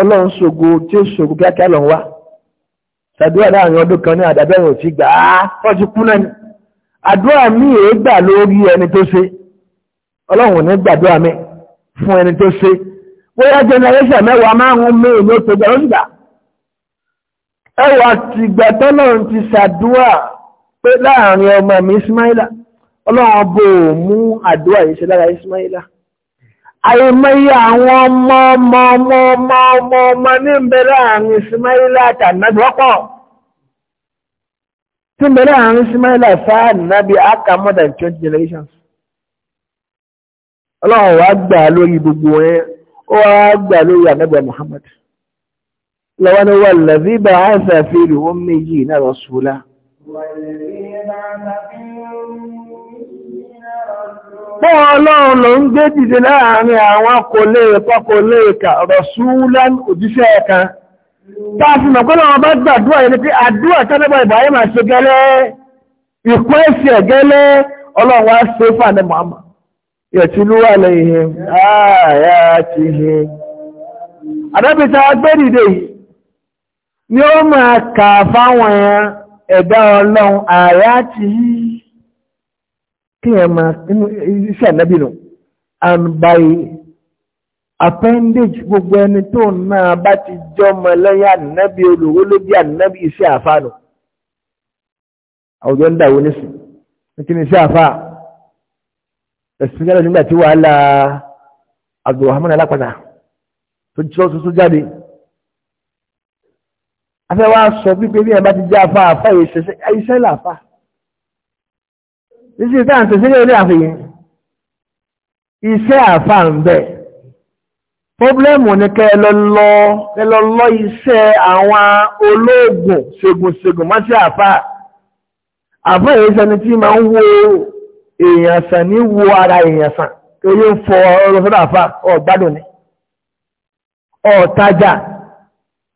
ọlọ́run ṣògo tí ó ṣògo kíákíá lọ wá ṣàdúrà láàrin ọdún kan ní àdàbẹ̀rẹ̀ òtí gbà á wọ́n ti kú náà ni àdúrà mi èé gbà lórí ẹni tó ṣe ọlọ́run ò ní gbàdúrà mi fún ẹni tó ṣe bóyá jẹnẹrẹ́sà mẹ́wàá márùn-ún mi ò ní ó tó gbà lọ́sùgbà ẹwà tìgbà tọ́lọ́run ti ṣàdúwà pé láàrin ọmọ Ismaila ọlọ́run bò mú àdúwà yìí ṣe lára Ismaila àwọn ọmọ ọmọ ọmọ ọmọ ọmọ ọmọ ní ń Ismaila àtànàdọ́pọ̀ tí Ismaila aka more than twenty generations ọlọ́run gbà gbogbo ó gbà Muhammad lọ́wọ́ ni wà lẹ́bí bá á ń fẹ́ rí wọ́n méjì náà lọ ṣúlá Bọ́ ọlọ́run ló ń gbé dìde láàrin àwọn kòlé pọ́kòlé ìkà rọ̀ṣúlá òjíṣẹ́ ẹ̀ka. Táàfì mọ̀ pé lọ́wọ́ bá gbàdúrà yẹni pé àdúrà tẹ́lẹ́bà ìbáyé máa ṣe gẹ́lẹ́, ìpọ́ ẹ̀ṣẹ̀ gẹ́lẹ́ ọlọ́run wá ṣe fàánẹ́ mọ̀ọ́mà. Yẹ̀tìlú wà lẹ́yìn ni ó máa kà fáwọn ẹ̀dá ọlọ́run ààrá ti kí ẹ máa inú iṣẹ́ ànábìnú and by appendage gbogbo ẹni tó náà bá ti jọmọ lẹ́yìn ànábì olówó ló bí ànábì iṣẹ́ àfáànù àwùjọ ń dàwó nísì kí ni iṣẹ́ àfáà ẹ̀sìn jẹ́ nígbà tí wàhálà Abdulrahman alápàdà tó jọ́ tuntun jáde afẹ́ wá sọ pípé bí ẹ̀bá ti jẹ́ afá àfá iṣẹ́ làfá iṣẹ́ ìta àti ìṣẹ́ ilé àfihàn iṣẹ́ àfá ń bẹ̀ pọ́blẹ́mù ní kẹlọlọ iṣẹ́ àwọn olóògùn ṣègùnṣègùn má sí àfá àfá iṣẹ́ ni tí máa ń wo èèyàn sàn ní wo ara èèyàn sàn torí ń fọ ọrọ̀ sọ́dọ̀ àfá ọ̀gbádùn ni ọ̀tajà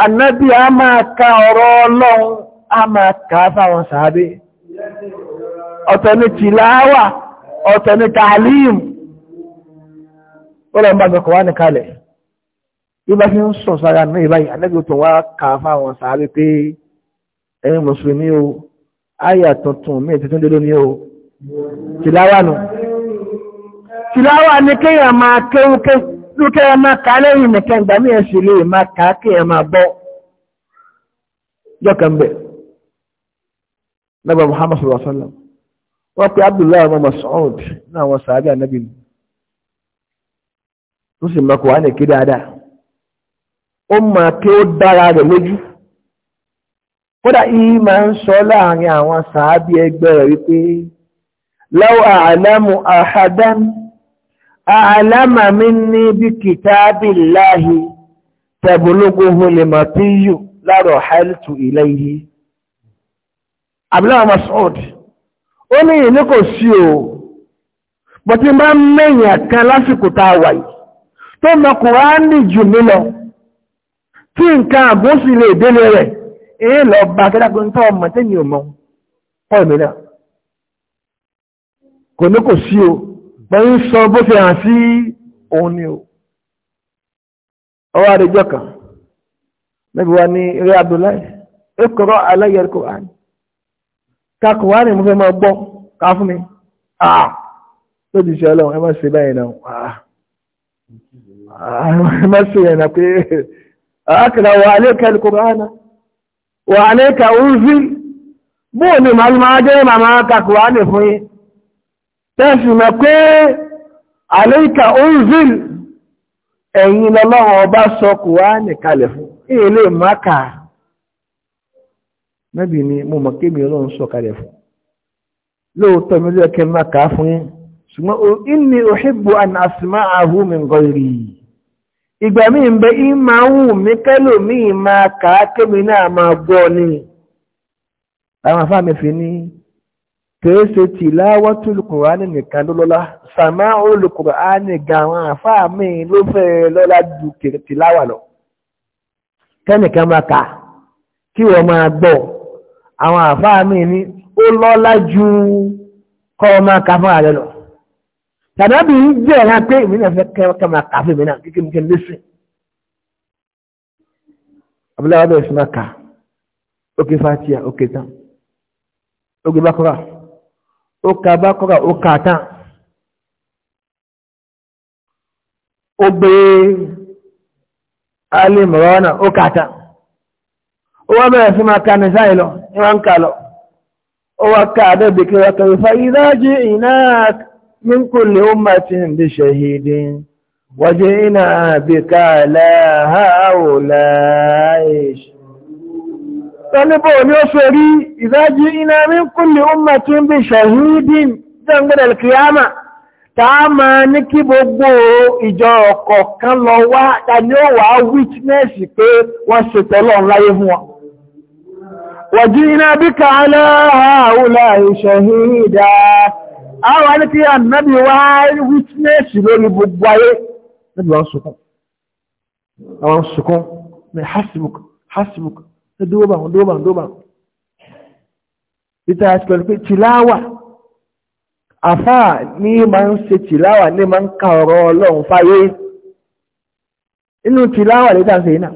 Ànábì a máa ka ọ̀rọ̀ Ọlọ́run a máa ka fáwọn sàábé. Ọ̀tọ̀ ni tìláwà, ọ̀tọ̀ ni tààlìm. Ọlọ́run bá gbọ́kọ̀ wá ní kalẹ̀. Bí bá fi ń sọ sára ní ìbáyìí, Ànábì tó wá ka fáwọn sàábé pé ẹ̀yin Mùsùlùmí o, àyà tuntun mí tuntun dé lónìí o. Tìláwà nù. Tìláwà ni kéèyàn máa kéwúkéwú. lókẹ́ ẹ máa kà lẹ́yìn nìkan ìgbà mí ẹ̀sì lè máa kà kí ẹ máa bọ́ jọ́kànbẹ̀ nàbà Muhammad sallallahu alaihi wasallam pe Abdullahi ọmọ Mas'ud náà wọ́n na ànábì mi tó sì mọ̀ kò wá nìkí dáadáa ó máa kí ó dára rẹ̀ lójú kódà yìí máa ń sọ láàrin àwọn ẹgbẹ́ rẹ̀ wípé a'lamu àlámà mi ní bí kìtàbí láhì tẹ̀bùlógún lè mọ̀ tí yù lárọ̀ hálítù ilẹ̀ yìí abúláwà masoud ó ní ìní kò sí o bọ̀tí bá mẹ́yìn kan lásìkò tá a wà yìí tó mọ̀ kùránì jù mí tí nǹkan àgún lè délé rẹ̀ èé lọ bá kẹ́lágun tó ọmọ tẹ́mi ò mọ̀ pọ̀ mìíràn kò ní kò sí o pẹ̀lú sọ bó fi hàn sí òun ni o ọwọ́ àdéjọ́ kan níbi wa ní eré Abdullahi ekọrọ aláyẹrẹ Kùránì kakọ̀ wá ní mo fẹ́ máa gbọ́ ká fún mi ah lóbi ṣe ọlọ́run ẹ má ṣe báyìí náà ah, ah! ẹ má ṣe yẹn náà pé akẹ́lá wà aléka al-Qur'ana wà aléka unzil bóò ni màá máa màmá kakọ̀ wá ní fún yín tẹ́ẹ̀fì mọ̀ pé àlẹ́ìkà ounzil ẹ̀yìn lọ́lọ́run ọba sọ kùránì kalẹ̀ fún ilé maka mẹ́bí ni mo mọ̀ kébì ọlọ́run sọ kalẹ̀ fún lóòótọ́ mi maka fún yín ṣùgbọ́n inni uhibbu an asma'ahu min ghairi ìgbà na ni kìí ṣe tìláwọ́tù lùkùránì nìkan ló lọ́lá sàmáhù lùkùránì gàwọn àfáàmì ló fẹ́ lọ́lá ju tìláwà lọ kẹ́nìkan máa kà kí wọ́n máa gbọ́ àwọn àfáàmì ní ó lọ́lá ju kọ́ máa ka fún ààrẹ lọ tàbí jẹ́ ẹ̀rá pé èmi náà fẹ́ kẹ́ máa kà fún èmi náà kíkí mi lẹ́sìn abúlé wa bẹ̀rẹ̀ sí máa kà ókè fatia ókè tán ókè bákúrà. ó ka ụka taa ó ka tán ó gbé alimọ̀rọ́nà ó ka tán ó wá bẹ̀rẹ̀ ka ní bekee lọ ní wọ́n ń kà min kulli ummatin bi shahidin oníbò ní ó ṣe rí ìzájí iná min kulli ummatin bi shahidin jẹ́gbẹ̀rẹ̀ kìyàmà tàá ma ní kí gbogbo ìjọ ọ̀kọ̀ọ̀kan lọ wá tàbí ó wà witness pé wọ́n ṣe tọ́lọ̀ láyé fún wọn wọ̀jí iná bí ká aláhàúlà ìṣẹ̀hídà àwọn ní kí ànábì wá witness na duban duban duban ita ya cikin rufe tilawa àfá ní ma ń ṣe tilawa ní ma ń ka ọ̀rọ̀ ọlọ́run fáyé inú tilawa lè tàṣe iná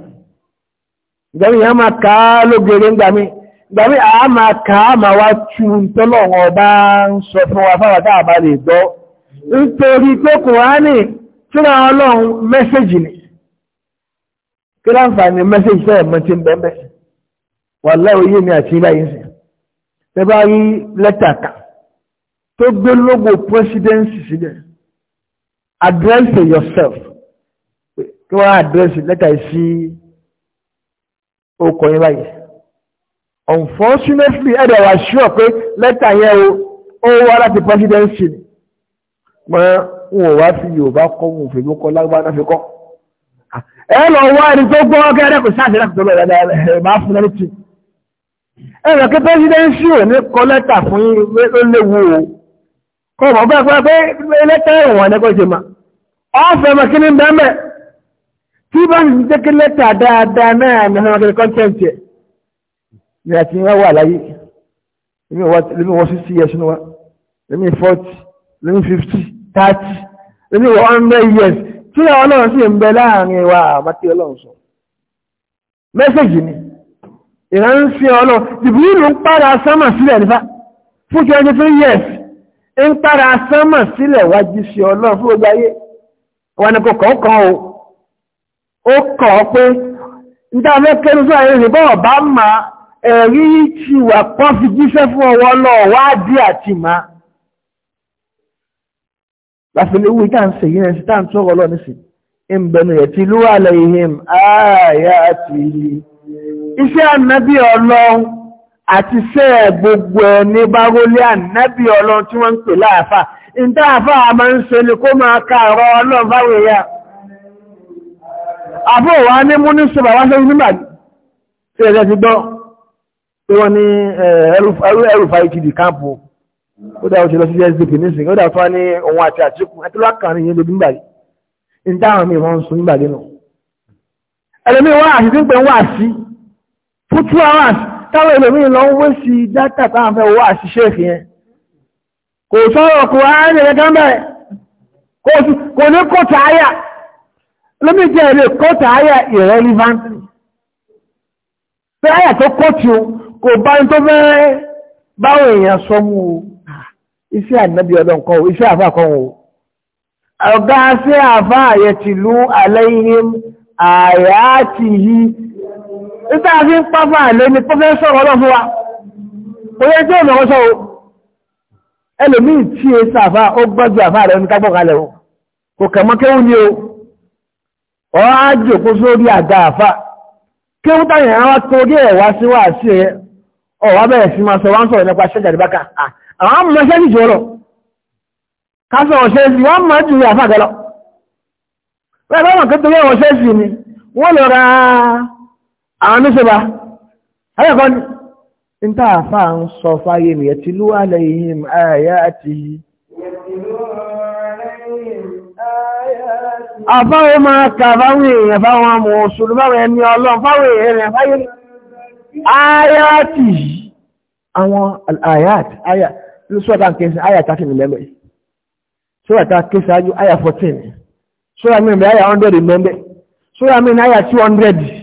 ìgbàmí ya máa ká lógere ngbàmí ìgbàmí a máa ká ma wá tú tọ́lọ̀wọ̀n ọba ń sọ fún wa fáwà táà bá lè gbọ́ nítorí pé kùránì tíra ọlọ́run mẹ́sẹ̀jì ni kí láǹfààní mẹ́sẹ̀jì fẹ́ẹ̀ mọ́ ti ń bẹ́ẹ̀ wàláhì oyé mi àti ilé ayé sìn ẹ bá rí lẹ́tà kà tó gbé lógo presidency sílẹ̀ address yourself kí wọ́n address lẹ́tà yìí sí okọ̀ yẹn báyìí unfortunately ẹ̀dẹ̀ wà sure pé lẹ́tà yẹn o ó wá láti presidency ni mọ́ wọn ò wá fi Yorùbá kọ́ wọn ò fèmí kọ́ lágbára fi kọ́ ẹ lọ wá ẹni tó gbọ́ kẹ́rẹ́ kò sáà sí ẹ̀rọ máa fún ẹni tì í ẹ̀rọ kí pẹ́sidẹ́ńsì ò ní kọ lẹ́tà fún ó léwu o kọ́ mọ̀ bá fẹ́ pé lẹ́tà ẹ̀wọ̀n ẹ̀kọ́ ṣe mà ọ́fẹ́ mọ̀ kí ní bẹ́ẹ̀mẹ̀ tí bá ń jẹ́ kí lẹ́tà dáadáa náà ní ọmọ kí ní kọ́ńtẹ́ǹtì ẹ̀ ni àti wọ́n wà láyé lẹ́mí wọ́n sí years ní wa lẹ́mí forty lẹ́mí fifty thirty lẹ́mí one hundred years tí àwọn ọlọ́run sì ń bẹ láàrin wa àbátí ọlọ́run sọ mẹ́sẹ̀gì ni ìránṣẹ́ ọlọ́ jìbìrìlù ń padà sánmà sílẹ̀ nífà fún kí ọjọ́ fún yẹ́s ń padà sánmà sílẹ̀ wájú sí ọlọ́ fún ojú ayé wà ní kọkọ̀ kan o ó kọ̀ ọ́ pé ń dá mẹ́kẹ́rù sí àyè rẹ̀ bọ́ọ̀ bá ma ẹ̀rí ti wà pọ́n fi iṣẹ́ ànábì ọlọ́run àti iṣẹ́ gbogbo ẹni bá rólé ànábì ọlọ́run tí wọ́n ń pè láàfà ìdá àfà àmà ń ṣe ni kó máa káàrọ̀ ọlọ́run báwẹ̀ yá àbò wà ní mú ní ṣọba wá sẹ́yìn nígbà tí ẹ̀rẹ́ ti gbọ́ pé wọ́n ní ẹrùfà ìkìdì káàpù ó dá òṣèlú sí SDP nísìnyí ó dá tó wá ní òun àti àtìkù àti lákàrin yẹn lóbi nígbà yìí ìdá mi wọ́n ń sun nígbà yìí nù ẹlẹ́mí wọ́n àti tí ń pè fún two hours táwọn ẹlòmíì lọ ń wé sí dátà táwọn fẹ́ wá àṣìṣe ìfìyẹn kò sọ̀rọ̀ kò áyẹ̀ gẹ́gẹ́ mẹ́rẹ̀ kò ní kọ́ta ayà lómi jẹ́ ilé kọ́ta ayà irrelevantly pé ayà tó kọ́tí o kò bá ní tó mẹ́rẹ́ báwọn èèyàn sọ mú o iṣẹ́ ànábì ọdún kan o iṣẹ́ àfà kan o ọ̀gá sí àfà àyẹ̀ tìlú alayhim àyàtìhí ìta àfi ń pápá àlẹ́ ni pọ́fẹ́sọ̀ ọlọ́run fún wa kò yẹ tí ò mọ̀ sọ o ẹlòmíì tí e sàfà ó gbọ́jú àfà rẹ̀ ní kápọ̀ kalẹ̀ o kò kẹ̀mọ́ kéwú ni o ọ á jòkó sórí àga àfà kéwú táyà á wá torí ẹ̀ wá sí wá sí ẹ ọ wá bẹ̀rẹ̀ sí máa sọ wá ń sọ̀rọ̀ nípa ṣẹ́jà ní bákà àwọn àmọ́ ṣẹ́ ní ìṣòro ká sọ̀rọ̀ ṣe sí wọ́n máa jù àfà gẹ́lọ́ bẹ́ẹ̀ bá wọn kí torí àwọn lọ ra àwọn níṣẹ́bà ayẹ́kọ́ ní ń tàà fà ń sọ fáyé mi ẹ̀tí ló wà lẹ́yìn ààyà àti àfáwọ́ máa kà fáwọn èèyàn fáwọn àmọ̀ òṣùlù fáwọn ẹni ọlọ́run fáwọn èèyàn fáyé ààyà àti àwọn ààyà àti sọ́ta kẹsì sọ́ta kẹsì ààyà 14 sọ́ta mẹ́rin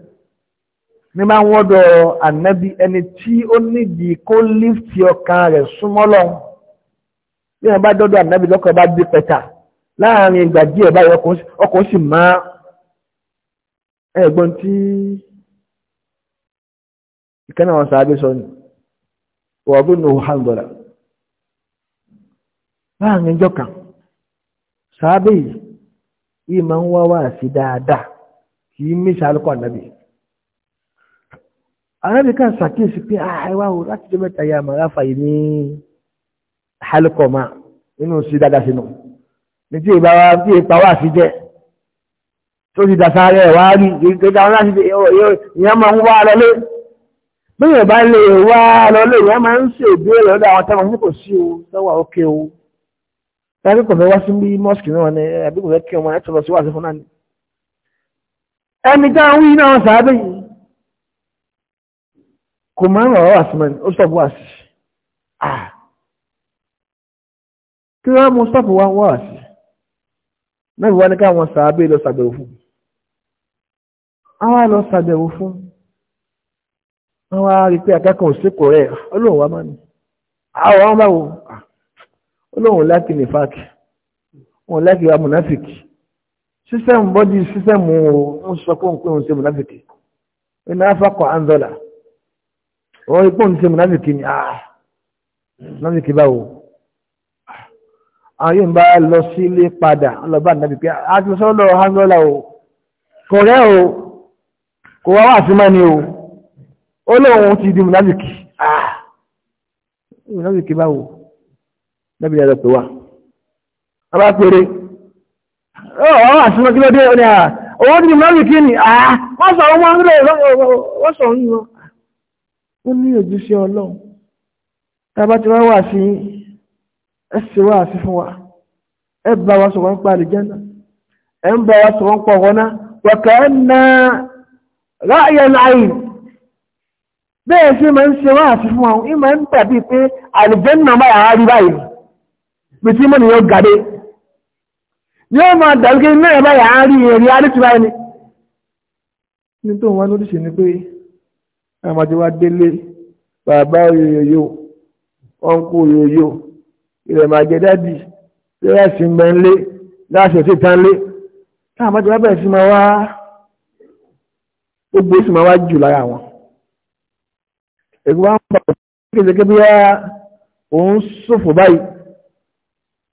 ní nwọdọ ń wọ́dọ̀ ànábì ẹni tí ó nídìí kó lífti ọkàn rẹ̀ súnmọ́ lọ́hùn bá dọ́dọ̀ ànábì lọ́kàn bá dé pẹ̀tà láàrin ìgbà díẹ̀ báyìí ọkàn sì máa ẹ̀gbọ́n tí ìkànnì sọ ni wọ́n láàrin ìjọ kan yìí máa ń wá wá sí dáadáa kì í mí arábì kan ṣàkíyèsí pé àìwá ah, o láti jẹ́ mẹ́ta ya màá fàyè ní halkoma nínú sí dáadáa sínú ní tí ìbá wa tí ìpa wà sí jẹ́ tó ti dàsa rẹ̀ wá rí ìgbéga wọn láti ìyá máa ń wá lọlé bẹ́ẹ̀ bá lè wá lọlé ìyá máa ń ṣe ìbéèrè lọ́dọ̀ àwọn táwọn ní kò sí o sọ́wọ́ òkè o tàbí kò fẹ́ wá sí mọ́sìkì náà ni àbí kò fẹ́ kí ọmọ ẹ̀ tó lọ sí wàásù fún náà ni ẹni táwọn wí náà sàábẹ̀ kò máa ń rọ̀ àsìmọ̀ni ó sọ̀bù àsì kí wọ́n mú sọ́pù wá wá àsì náà wọ́n ní káwọn sàábé lọ sàbẹ̀wò fún àwọn lọ sàbẹ̀wò fún wọ́n wá rí pé akẹ́kọ̀ọ́ òsèkò rẹ̀ olóhùn wa máa ní àwọn ọmọ báwo olóhùn láti ní fáàkì wọn láti wá mùnáfìkì sísẹ́mù bọ́dí sísẹ́mù ń sọ pé òun pé òun ṣe mùnáfìkì iná fákọ̀ àńdọ́là wọ́n ipò ń ṣe mùnáfìkì ni ah mùnáfìkì báwo àwọn yóò bá lọ sílé padà ọlọ́bà nàbì pé a ti sọ́dọ̀ hangola o kò rẹ́ o kò wá wà sí mọ́ni o ó lóun ti di mùnáfìkì ah mùnáfìkì báwo nàbì yàrá pé wà a bá péré ó wà wà sí mọ́ kí ló dé ó ní à owó ti di mùnáfìkì ni ah wọ́n sọ ohun wọn ń rẹ̀ wọ́n sọ ohun wọn ó ní ojúṣe ọlọ́run tàbá ti wá wà sí ẹsẹ̀ wà sí fún wa ẹ bá wa sọ̀rọ̀ ń pa àlùjẹ́nà ẹ ń bá wa sọ̀rọ̀ ń pọ̀ wọná wọ̀kẹ́ na ráyẹ̀ láì bẹ́ẹ̀ sí ma ń ṣe wá sí fún àwọn ìmọ̀ ń tàbí pé àlùjẹ́nà máa wá rí báyìí bí tí mọ́nì yóò gàdé yóò máa dàbí pé náà báyìí á rí èrè á báyìí ni nítorí wọn lóríṣìí ni pé àwọn àti wá délé bàbá òyòyò ọ̀nkú òyòyò ilẹ̀ máa jẹ dádì lẹ́yà sí ń bẹ́ńlé láṣọ sí tánlé táwọn àti wá bẹ̀rẹ̀ sí máa wá gbogbo sì máa wá jù lára wọn. èkó wá ń bá òun kékeré bí wá òun ṣòfò báyìí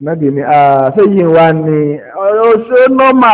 náà dì ní àṣẹyìn wa ni ọ̀rọ̀ ṣe nọ́mà.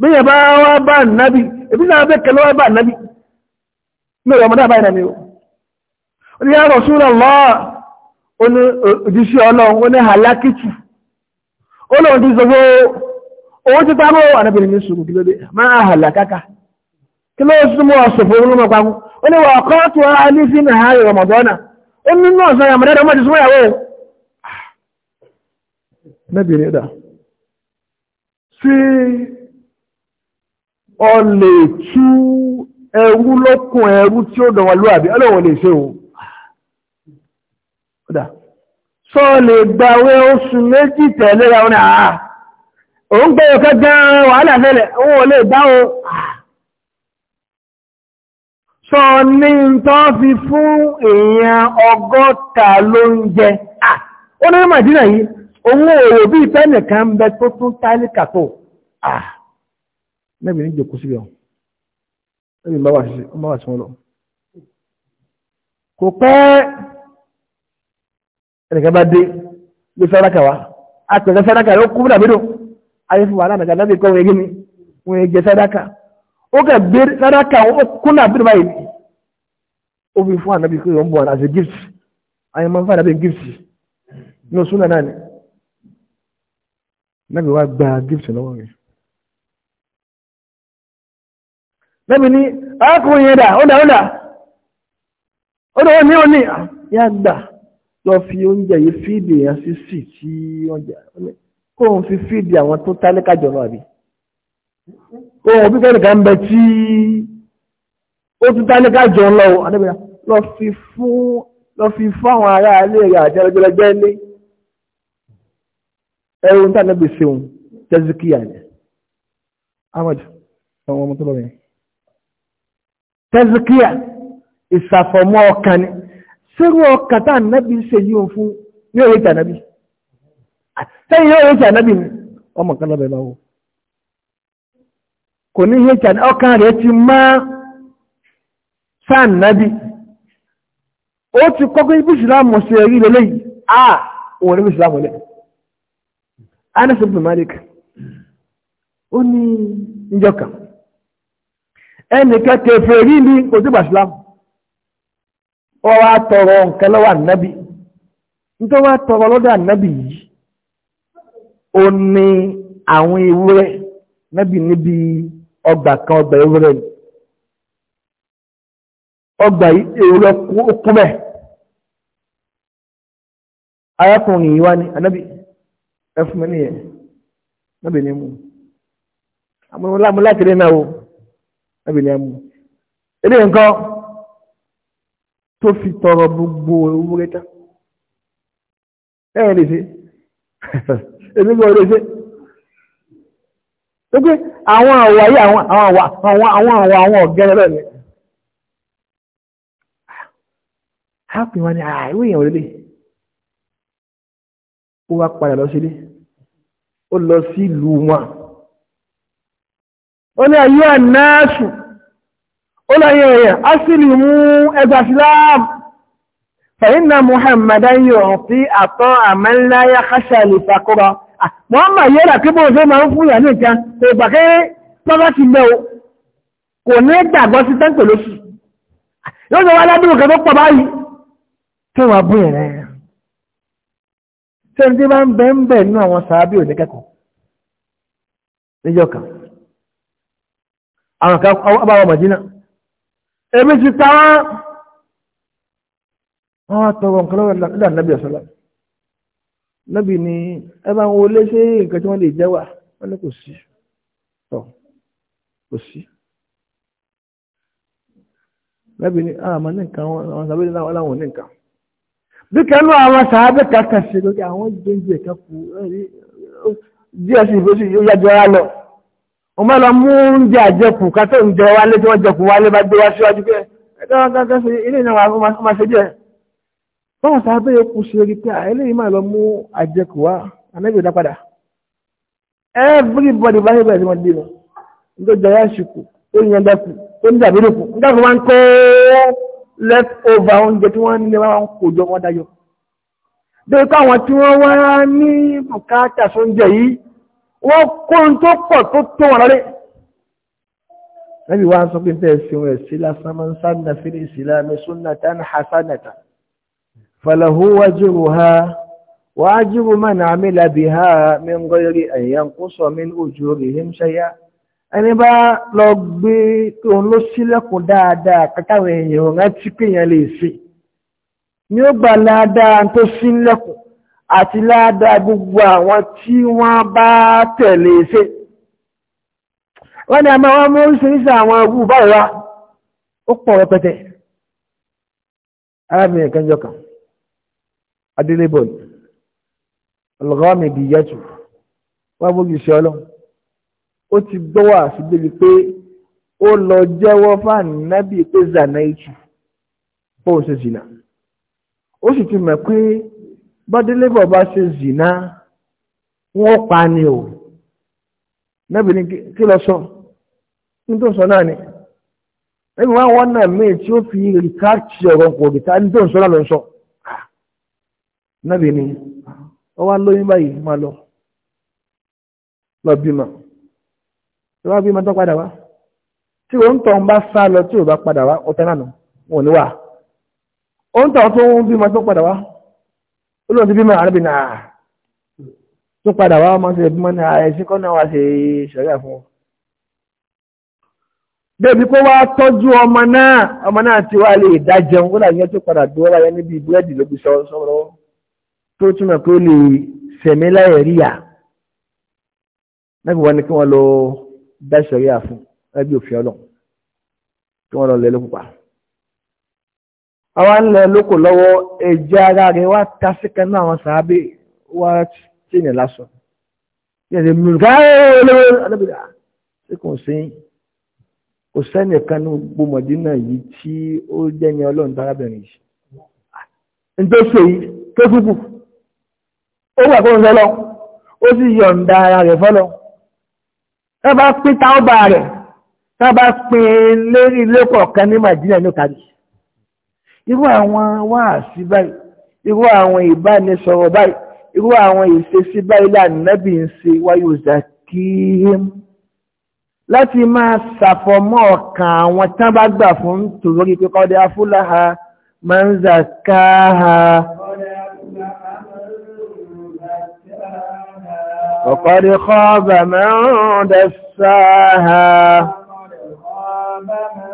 bíyẹ̀ bá wá bá nábi ebi náà bẹ́ kẹlẹ́ wá bá nábi mẹ́rẹ̀ ọmọdé àbáyé náà ni ó ya Rasulullah ó ní òjíṣẹ́ ọlọ́run ó halakitu ó lóun ti sọ́gbó halakaka ọlè tú ẹrú lókùn ẹrú tí ó dọ̀wọ̀ lóàbí ọlọ́wọ̀ lè ṣe o sọ lè gbàwé oṣù méjì tẹ̀lé ra wọn àà òun gbé ọkọ̀ gan wàhálà fẹ́lẹ̀ òun ò lè gbá o sọ ní tọ́ fi fún èèyàn ọgọ́ta ló ń jẹ ó ní Màdínà yìí òun òòrò bí nìkan bẹ tó tún tálíkà tó nẹ́bí ní jòkó síbẹ̀ nẹ́bí bá wà sí wọn lọ kò pẹ́ ẹnìkan bá dé lé fẹ́ráka wa àtẹ̀lẹ́ fẹ́ráka rẹ̀ ó kú dàbí dùn ayé fún wàhálà nàgà nábì kọ́ wọn yé mi wọn yé jẹ fẹ́ráka ó kà gbé fẹ́ráka ó kú dàbí dùn báyìí ó fi fún ànábì kó yọ̀ ń bọ̀ àti gift ayé máa ń fún ànábì gift ní oṣù náà náà ni nàbì wa gba gift lọ́wọ́ rẹ̀. lẹ́mi ní arákùnrin ah, yẹn dà ó dà ó dà ó dà ó ní ó ní ah, yá dà lọ fi oúnjẹ yìí fíìdì èèyàn sí sí tí oúnjẹ kó òun fi fíìdì àwọn tó tálákà jọ̀lọ́ àbí kó òun bí kẹ́nìkan ń bẹ tí ó tún tálákà jọ lọ o lọ fi fún àwọn ará ilé rẹ̀ àti ẹlẹgbẹlẹgbẹ ilé ẹrù ń tà níbi ṣeun tẹ́síkì àná ahmed ọmọ tó lọ yẹn. tẹ́síkíà ìsàfọ̀mọ́ ọkàn ni sírú ọkàn tá ànábì ṣe yíò fún ní òye tí ànábì sẹ́yìn yóò yé tí ànábì ni ọmọ kan lọ́bẹ̀ lọ́wọ́ kò ní yé tí ànábì ọkàn rẹ̀ ti má sáànábì ó ti kọ́kọ́ ibi ìsìlámù ṣe rí a òun ní ìsìlámù lẹ́ Anas Malik ó ẹnìkan kẹfẹ́ rí ní kò sí gbàsílámù ó wá tọrọ nǹkan lọ́wọ́ ànábì nítorí wá tọrọ lọ́dọ̀ ànábì yìí ó ní àwọn ewúrẹ́ nábì kan ọgbà ewúrẹ́ ọgbà ewúrẹ́ arákùnrin yìí wá ní ànábì ẹ fún mi o. ẹbí ni ẹ mú ilé nǹkan tó fi tọrọ gbogbo owó rẹta ẹ̀rọ lè ṣe èmi gbọ́ lè ṣe pé àwọn àwọ̀ ayé àwọn àwọ̀ àwọn àwọn ọ̀gẹ́rẹ́ rẹ̀ ni happy wọn ni àìwé èèyàn lélẹ̀ ó wá padà lọ sílé ó lọ sí ìlú wọn ó ní ayé ànáàsùn ó láyé ẹ̀yẹ̀ asìlì mú ẹgbà síláàmù fẹ̀yìnà muhammadan yóò fi àtọ́ àmẹ́láyà káṣàlì fàkúrọ̀ mọ́mà yẹ́rà kí bó ṣe máa ń fún ìyàní ìkan kò gbà kí pọ́pá ti lẹ́ o kò ní gbàgbọ́ sí tẹ́ǹpẹ̀ ebi ti ta wọ́n wọ́n wá tọrọ nǹkan lọ́wọ́ ìlànà nàbì ọ̀sọ́lá nàbì ni ẹ bá ń wọlé ṣé nǹkan tí wọ́n lè jẹ́ wà wọ́n ní kò sí tọ̀ kò sí nàbì ni àmọ́ ah, ní nǹkan àwọn sàbẹ̀ ní láwọn ní nǹkan bí kẹ́nu àwọn sàbẹ̀ kankan ṣe lókè àwọn jẹ́ńjẹ́ kan kú díẹ̀ sí ìfọ́sí yóò yájọ́ rá lọ o máa lọ mú oúnjẹ àjẹkù kátó ń jẹ wálé tí wọ́n jẹkù wálé bá gbé wá síwájú pé ilé ìnáwó àwọn máa ṣe díẹ̀ báwọn sábẹ́ yòókù ṣe everybody bá ṣẹbẹ̀ tí wọ́n dé lọ nítorí jọyọ̀ àṣìkò tó yan left over oúnjẹ tí wọ́n ní lè máa ń kó jọ wọ́n wọ́n kó ń tó pọ̀ tó tó wọn lọ́lé lẹ́bí wá ń sọ pé bẹ́ẹ̀ sí wọn sí lásán máa ń sáńdà fílẹ̀ ìsìlámi súnnàtà ń hasanata falahu wajruha wa ajru man amila biha min ghayri an yanqusa min ujurihim shay'a ẹni bá lọ gbé òun ló sílẹ̀kùn dáadáa kátàwọn èèyàn rántí pé èèyàn lè ṣe ni ó gbà ládàá tó sílẹ̀kùn àti ládàá gbogbo àwọn tí wọ́n bá tẹ̀lé e ṣe wọ́n ni a máa wọ́n mú oríṣiríṣi àwọn ẹgbù báyìí wá ó pọ̀ rẹpẹtẹ arábìnrin kan jọkàn adélébọ̀ ọlọ́gọ́mì bí yẹ́tù wọ́n bójú ṣe ọlọ́run ó ti gbọ́wọ́ àṣìbíbi pé ó lọ jẹ́wọ́ fáàní nábì pé zànà ìtù ó sì ti pé bọ́dílébọ̀ bá ṣe zìnà wọ́n pa ni o nẹ́bì ní kí lọ sọ ní tó sọ náà ni ẹbí wọn wọn náà míì tí ó fi rìkáàtì ọ̀rọ̀ kò rìká ní tó sọ náà lọ sọ nẹ́bì ní ọ wá lóyún báyìí máa lọ lọ bímọ tí wọ́n bímọ tó padà wá tí òun tọ̀ ń bá sá lọ tí ò bá padà wá ọ̀tẹ́ náà nù ní wà òun tọ̀ tó ń bímọ tó padà wá olóòtú bímọ àrẹ́bì náà tó padà wá ọmọ sí ẹbí mọ́ni àìsí kọ́ náà wá sí ṣẹ̀ríà fún ọ. débi kó wá tọ́jú ọmọ náà ọmọ náà ti wá lè dá jẹun kó làyẹn tó padà dúró láyé níbi búrẹ́dì àwa ń lẹ lóko lọ́wọ́ ẹ̀jẹ̀ ara rẹ̀ wá ta síkẹ́ náà àwọn sàábé wá tìǹyẹ̀ lásán yẹ̀rẹ̀ mìíràn olówó alábìlà tí kò sí kò sẹ́nìkan ní gbogbo mọ̀dínà yìí tí ó jẹ́ni ọlọ́run tárábìnrin yìí nítorí ṣe yìí tó kúkú ó wà kó ń sọ́lọ́ ó sì yọ̀ǹda ara rẹ̀ fọ́lọ́ tá bá pín táwọn bá rẹ̀ tá bá pín lérí ilé kọ̀ọ̀kan ní màdínà ní kàdí irú àwọn wáàsí báyìí irú àwọn ìbánisọ̀rọ̀ báyìí irú àwọn ìṣesí báyìí lànàbì ń ṣe wáyò zakihim láti máa ṣàfọ̀mọ́ ọkàn àwọn tán bá gbà fún tòrórí pé kọ́dẹ afúláha máa ń zakáha ọ̀kọ́dẹ kọ́ọ̀bà máa ń dẹ̀sáha ọ̀kọ́dẹ kọ́ọ̀bà máa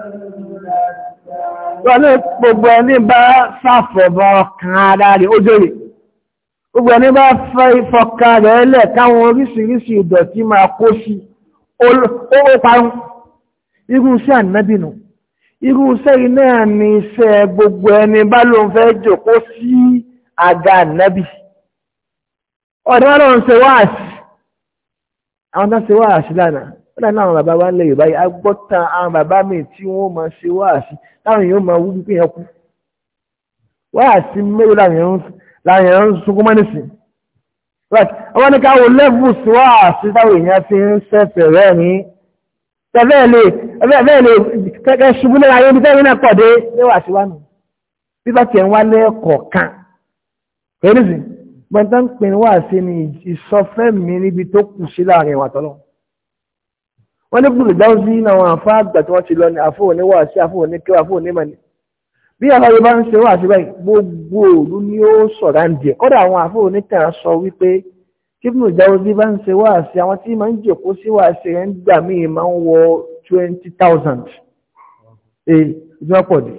wọlé gbogbo ẹni bá sáfọ̀bọ̀ kan ara rẹ̀ ó jèrè gbogbo ẹni bá fọ́ka rẹ̀ lẹ̀ káwọn oríṣiríṣi ìdọ̀tí máa kó sí ó irú iṣẹ́ ànábìnú irú iṣẹ́ iná ni iṣẹ́ gbogbo ẹni bá ló ń fẹ́ jòkó sí àga ànábì ọ̀dọ́ ọlọ́run ṣe wáàsì àwọn tó ṣe wáàsì lánàá láti àwọn bàbá wa ń lẹ yorùbá yìí agbọ́ta àwọn bàbá mi tí wọ́n máa ṣe wáàsí táwọn èèyàn máa wú pípé yẹn kú wáàsí mélòó làwọn èèyàn ń sunkún mọ́ nísìn ọwọ́ ní káwọn lẹ́bùs wáàsí táwọn èèyàn fi ń sẹ́fẹ̀ rẹ̀ ní bẹ́ẹ̀ lè kẹ́kẹ́ ṣubú lára yóò bí tẹ́rin náà pọ̀dé léwàsí wá nù bí bá tiẹ̀ ń wá lẹ́ẹ̀kọ̀ọ̀kan pẹ̀lú sí gbọ́ntán pinnu wáàsí ni ìsọfẹ́ mi níbi tó kù sí láàrin ìwàtọ́lọ́wọ́ wọ́n ní bùrù dáwọ́sí náà wọn àfa àgbà tí wọ́n ti lọ ní àfọwọ́ ní wàásí àfọwọ́ ní kíwà àfọwọ́ ní mọ̀ni bí àfọwọ́ bá ń ṣe wàásí báyìí gbogbo òru ni ó sọ̀rọ̀ àǹdí ẹ̀ kọ́dà àwọn àfọwọ́ sọ wípé tí bùrù dáwọ́sí bá ń ṣe wàásí àwọn tí máa ń jòkó sí wàásí ẹ̀ ń gbà míì máa ń wọ twenty thousand ẹ̀ ìjọba pọ̀ dé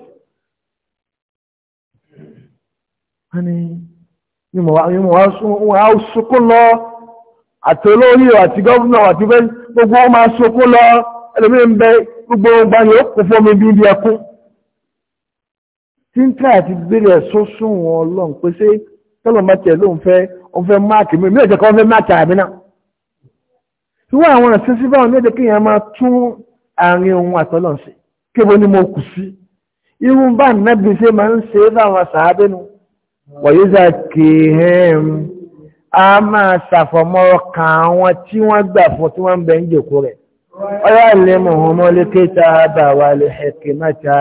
ni mo wá sunkún lọ àti olórí àti gọ́vùnà gbogbo ọmọ asokó lọ ẹlòmí ń bẹ gbogbo ọgbà ni ó kò fọ́mi bí ibi ẹkún tí ń tẹ́ àti bèrè ẹ̀sọ́ sùn wọn ọlọ́run pé ṣé tọ́lọ̀ máa tẹ̀ ló ń fẹ́ ó fẹ́ máàkì mi ìmílẹ̀ ìjẹ́kọ́ fẹ́ máàkì àmì náà ìwọ àwọn ẹ̀sìn sí báwọn méje kéèyàn máa tún àárín ohun àtọ́lọ́n sí ni mo kù sí irú bá nàbì ṣe máa ń ṣe é fáwọn sàábẹ́nu wọ̀nyí a máa ṣàfọ̀mọ́ kan àwọn tí wọ́n gbà fún tí wọ́n ń bẹ ń jòkó rẹ̀. ọlá ilẹ̀ mọ̀húnmọ́ lè kéta bàwà lè hẹ̀kì mẹ́ta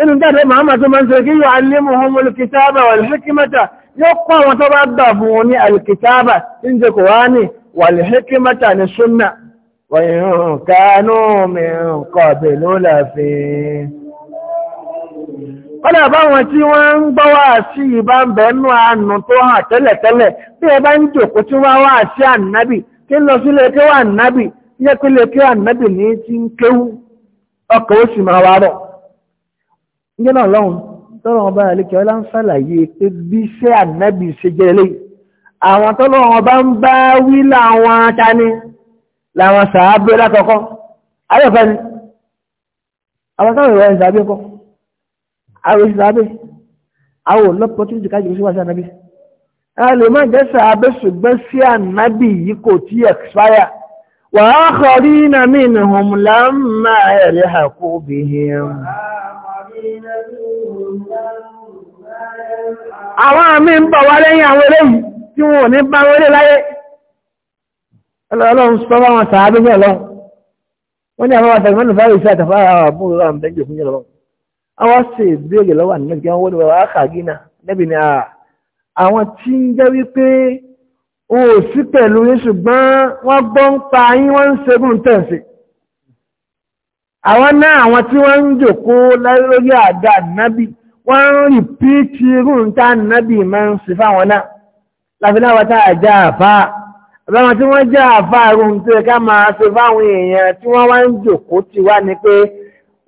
inú dáadé màámà tó máa ń sọ̀rọ̀ kí yóò alẹ́ mọ̀húnmọ́ lè kéta bàwà lè hẹ̀kì mẹ́ta yóò kọ́ àwọn tó bá gbà fún wọn ní alìkìtàbà ń jòkó wá ní wà lè hẹ̀kì mẹ́ta ní súnà wọ̀nyìn kánú mi kọ̀ bẹ̀ ló láàfin kọ́lẹ̀ báwọn tí wọ́n ń gbọ́ wá sí ìbá ń bẹ̀ẹ́nú àánú tó hàn tẹ́lẹ̀tẹ́lẹ̀ bí ẹ bá ń jòkó tí wọ́n wá sí ànábì kí lọ sílé kí wà ànábì yẹ kí lè kí ànábì ní ti ń kéwú ọkọ̀ ó sì máa wá ǹjẹ́ náà lọ́hùn tọ́lọ́ ọba àlekẹ́ ọlá ń ṣàlàyé pé bí iṣẹ́ ànábì ṣe jẹ́ lé àwọn tọ́lọ́ ọba ń bá wí láwọn tani làwọn sàábé lákọ̀ọ́kọ́ ayọ̀fẹ́ ni àwọn táwọn ìwà ẹ̀ sàábé kọ́ àwọn òṣìṣẹ́ abẹ́ àwọn olópọ̀tún ìjìká jù síwájú ànábì ẹ lè má jẹ́ sàábẹ́ ṣùgbọ́n sí ànábì yìí kò tí expire wà á kọrí iná mi nì hùn lámà ẹ̀rẹ́ àkó obìnrin àwọn àmì ń bọ̀ wá lẹ́yìn àwọn eléyìí tí wọn ní bá wọlé láyé ọlọ́run sọ bá sàábẹ́ bẹ́ẹ̀ lọ́wọ́ wọ́n ní àwọn àwa ṣe ìbéèrè lọ́wọ́ ànínábì kí wọ́n wọ́n ní wọ́n wá kàgínà nẹ́bì ni àwọn tí ń jẹ́ wípé o ò sí pẹ̀lú yín ṣùgbọ́n wọ́n gbọ́ ń pa yín wọ́n ń ṣegún tẹ̀sí àwọn náà àwọn tí wọ́n ń jòkó lórí àga ànábì wọ́n ń rí píìtì irun tá ànábì máa ń ṣe fáwọn náà láfiláwọ̀ tá àjá àfáà àbáwọn tí wọ́n jẹ́ àfáà irun tó yẹ ká máa ṣe fáwọn èèyàn tí wọ́n wá ń jòkó ti wá ni pé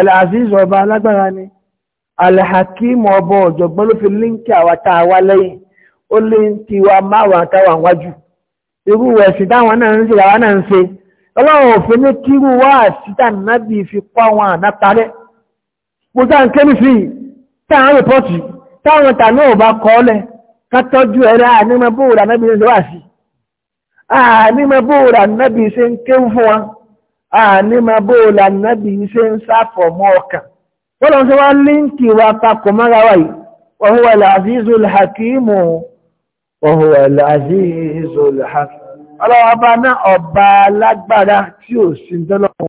Al-Aziz ọba alágbára ni alhakim ọba ọ̀jọ̀gbọ́n ló fi líǹkì àwátá wá lẹ́yìn ó lé ti wa máwàá táwà wájú irú ẹ̀sìn táwọn náà ń ṣe náà ń ṣe ọlọ́run ní kírú wá nábì fi kọ́ àwọn ànáparẹ́ mo sá ń kémi sí táwọn rìpọ́ọ̀tì táwọn bá kọ́ ká tọ́jú ẹ̀rẹ́ nábì ṣe wá sí nábì ṣe àní máa bó o lànàbì ṣe ń sáfọ̀ mọ́ ọkàn bọ́lá ṣe wá líǹkì wa papọ̀ mọ́ra wa yìí wa huwa al-azizul hakim wa huwa al-azizul hakim ọlọ́wọ́ba náà ọba alágbára tí ò sí dọ́lọ́wọ́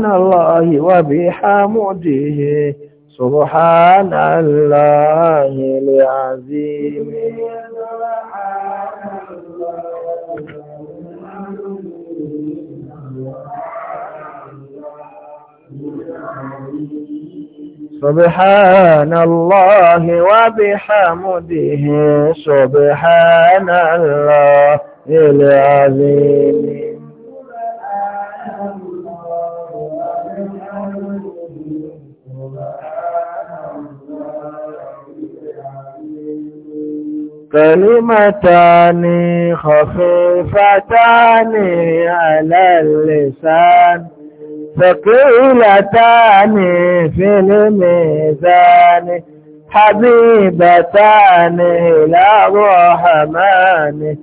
ní wa bihamdihi سبحان الله العظيم سبحان الله وبحمده سبحان الله العظيم كلمتان خفيفتان على اللسان ثقيلتان في الميزان حبيبتان إلى الرحمن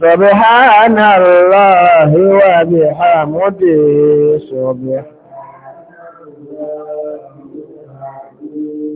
سبحان الله وبحمده سبحان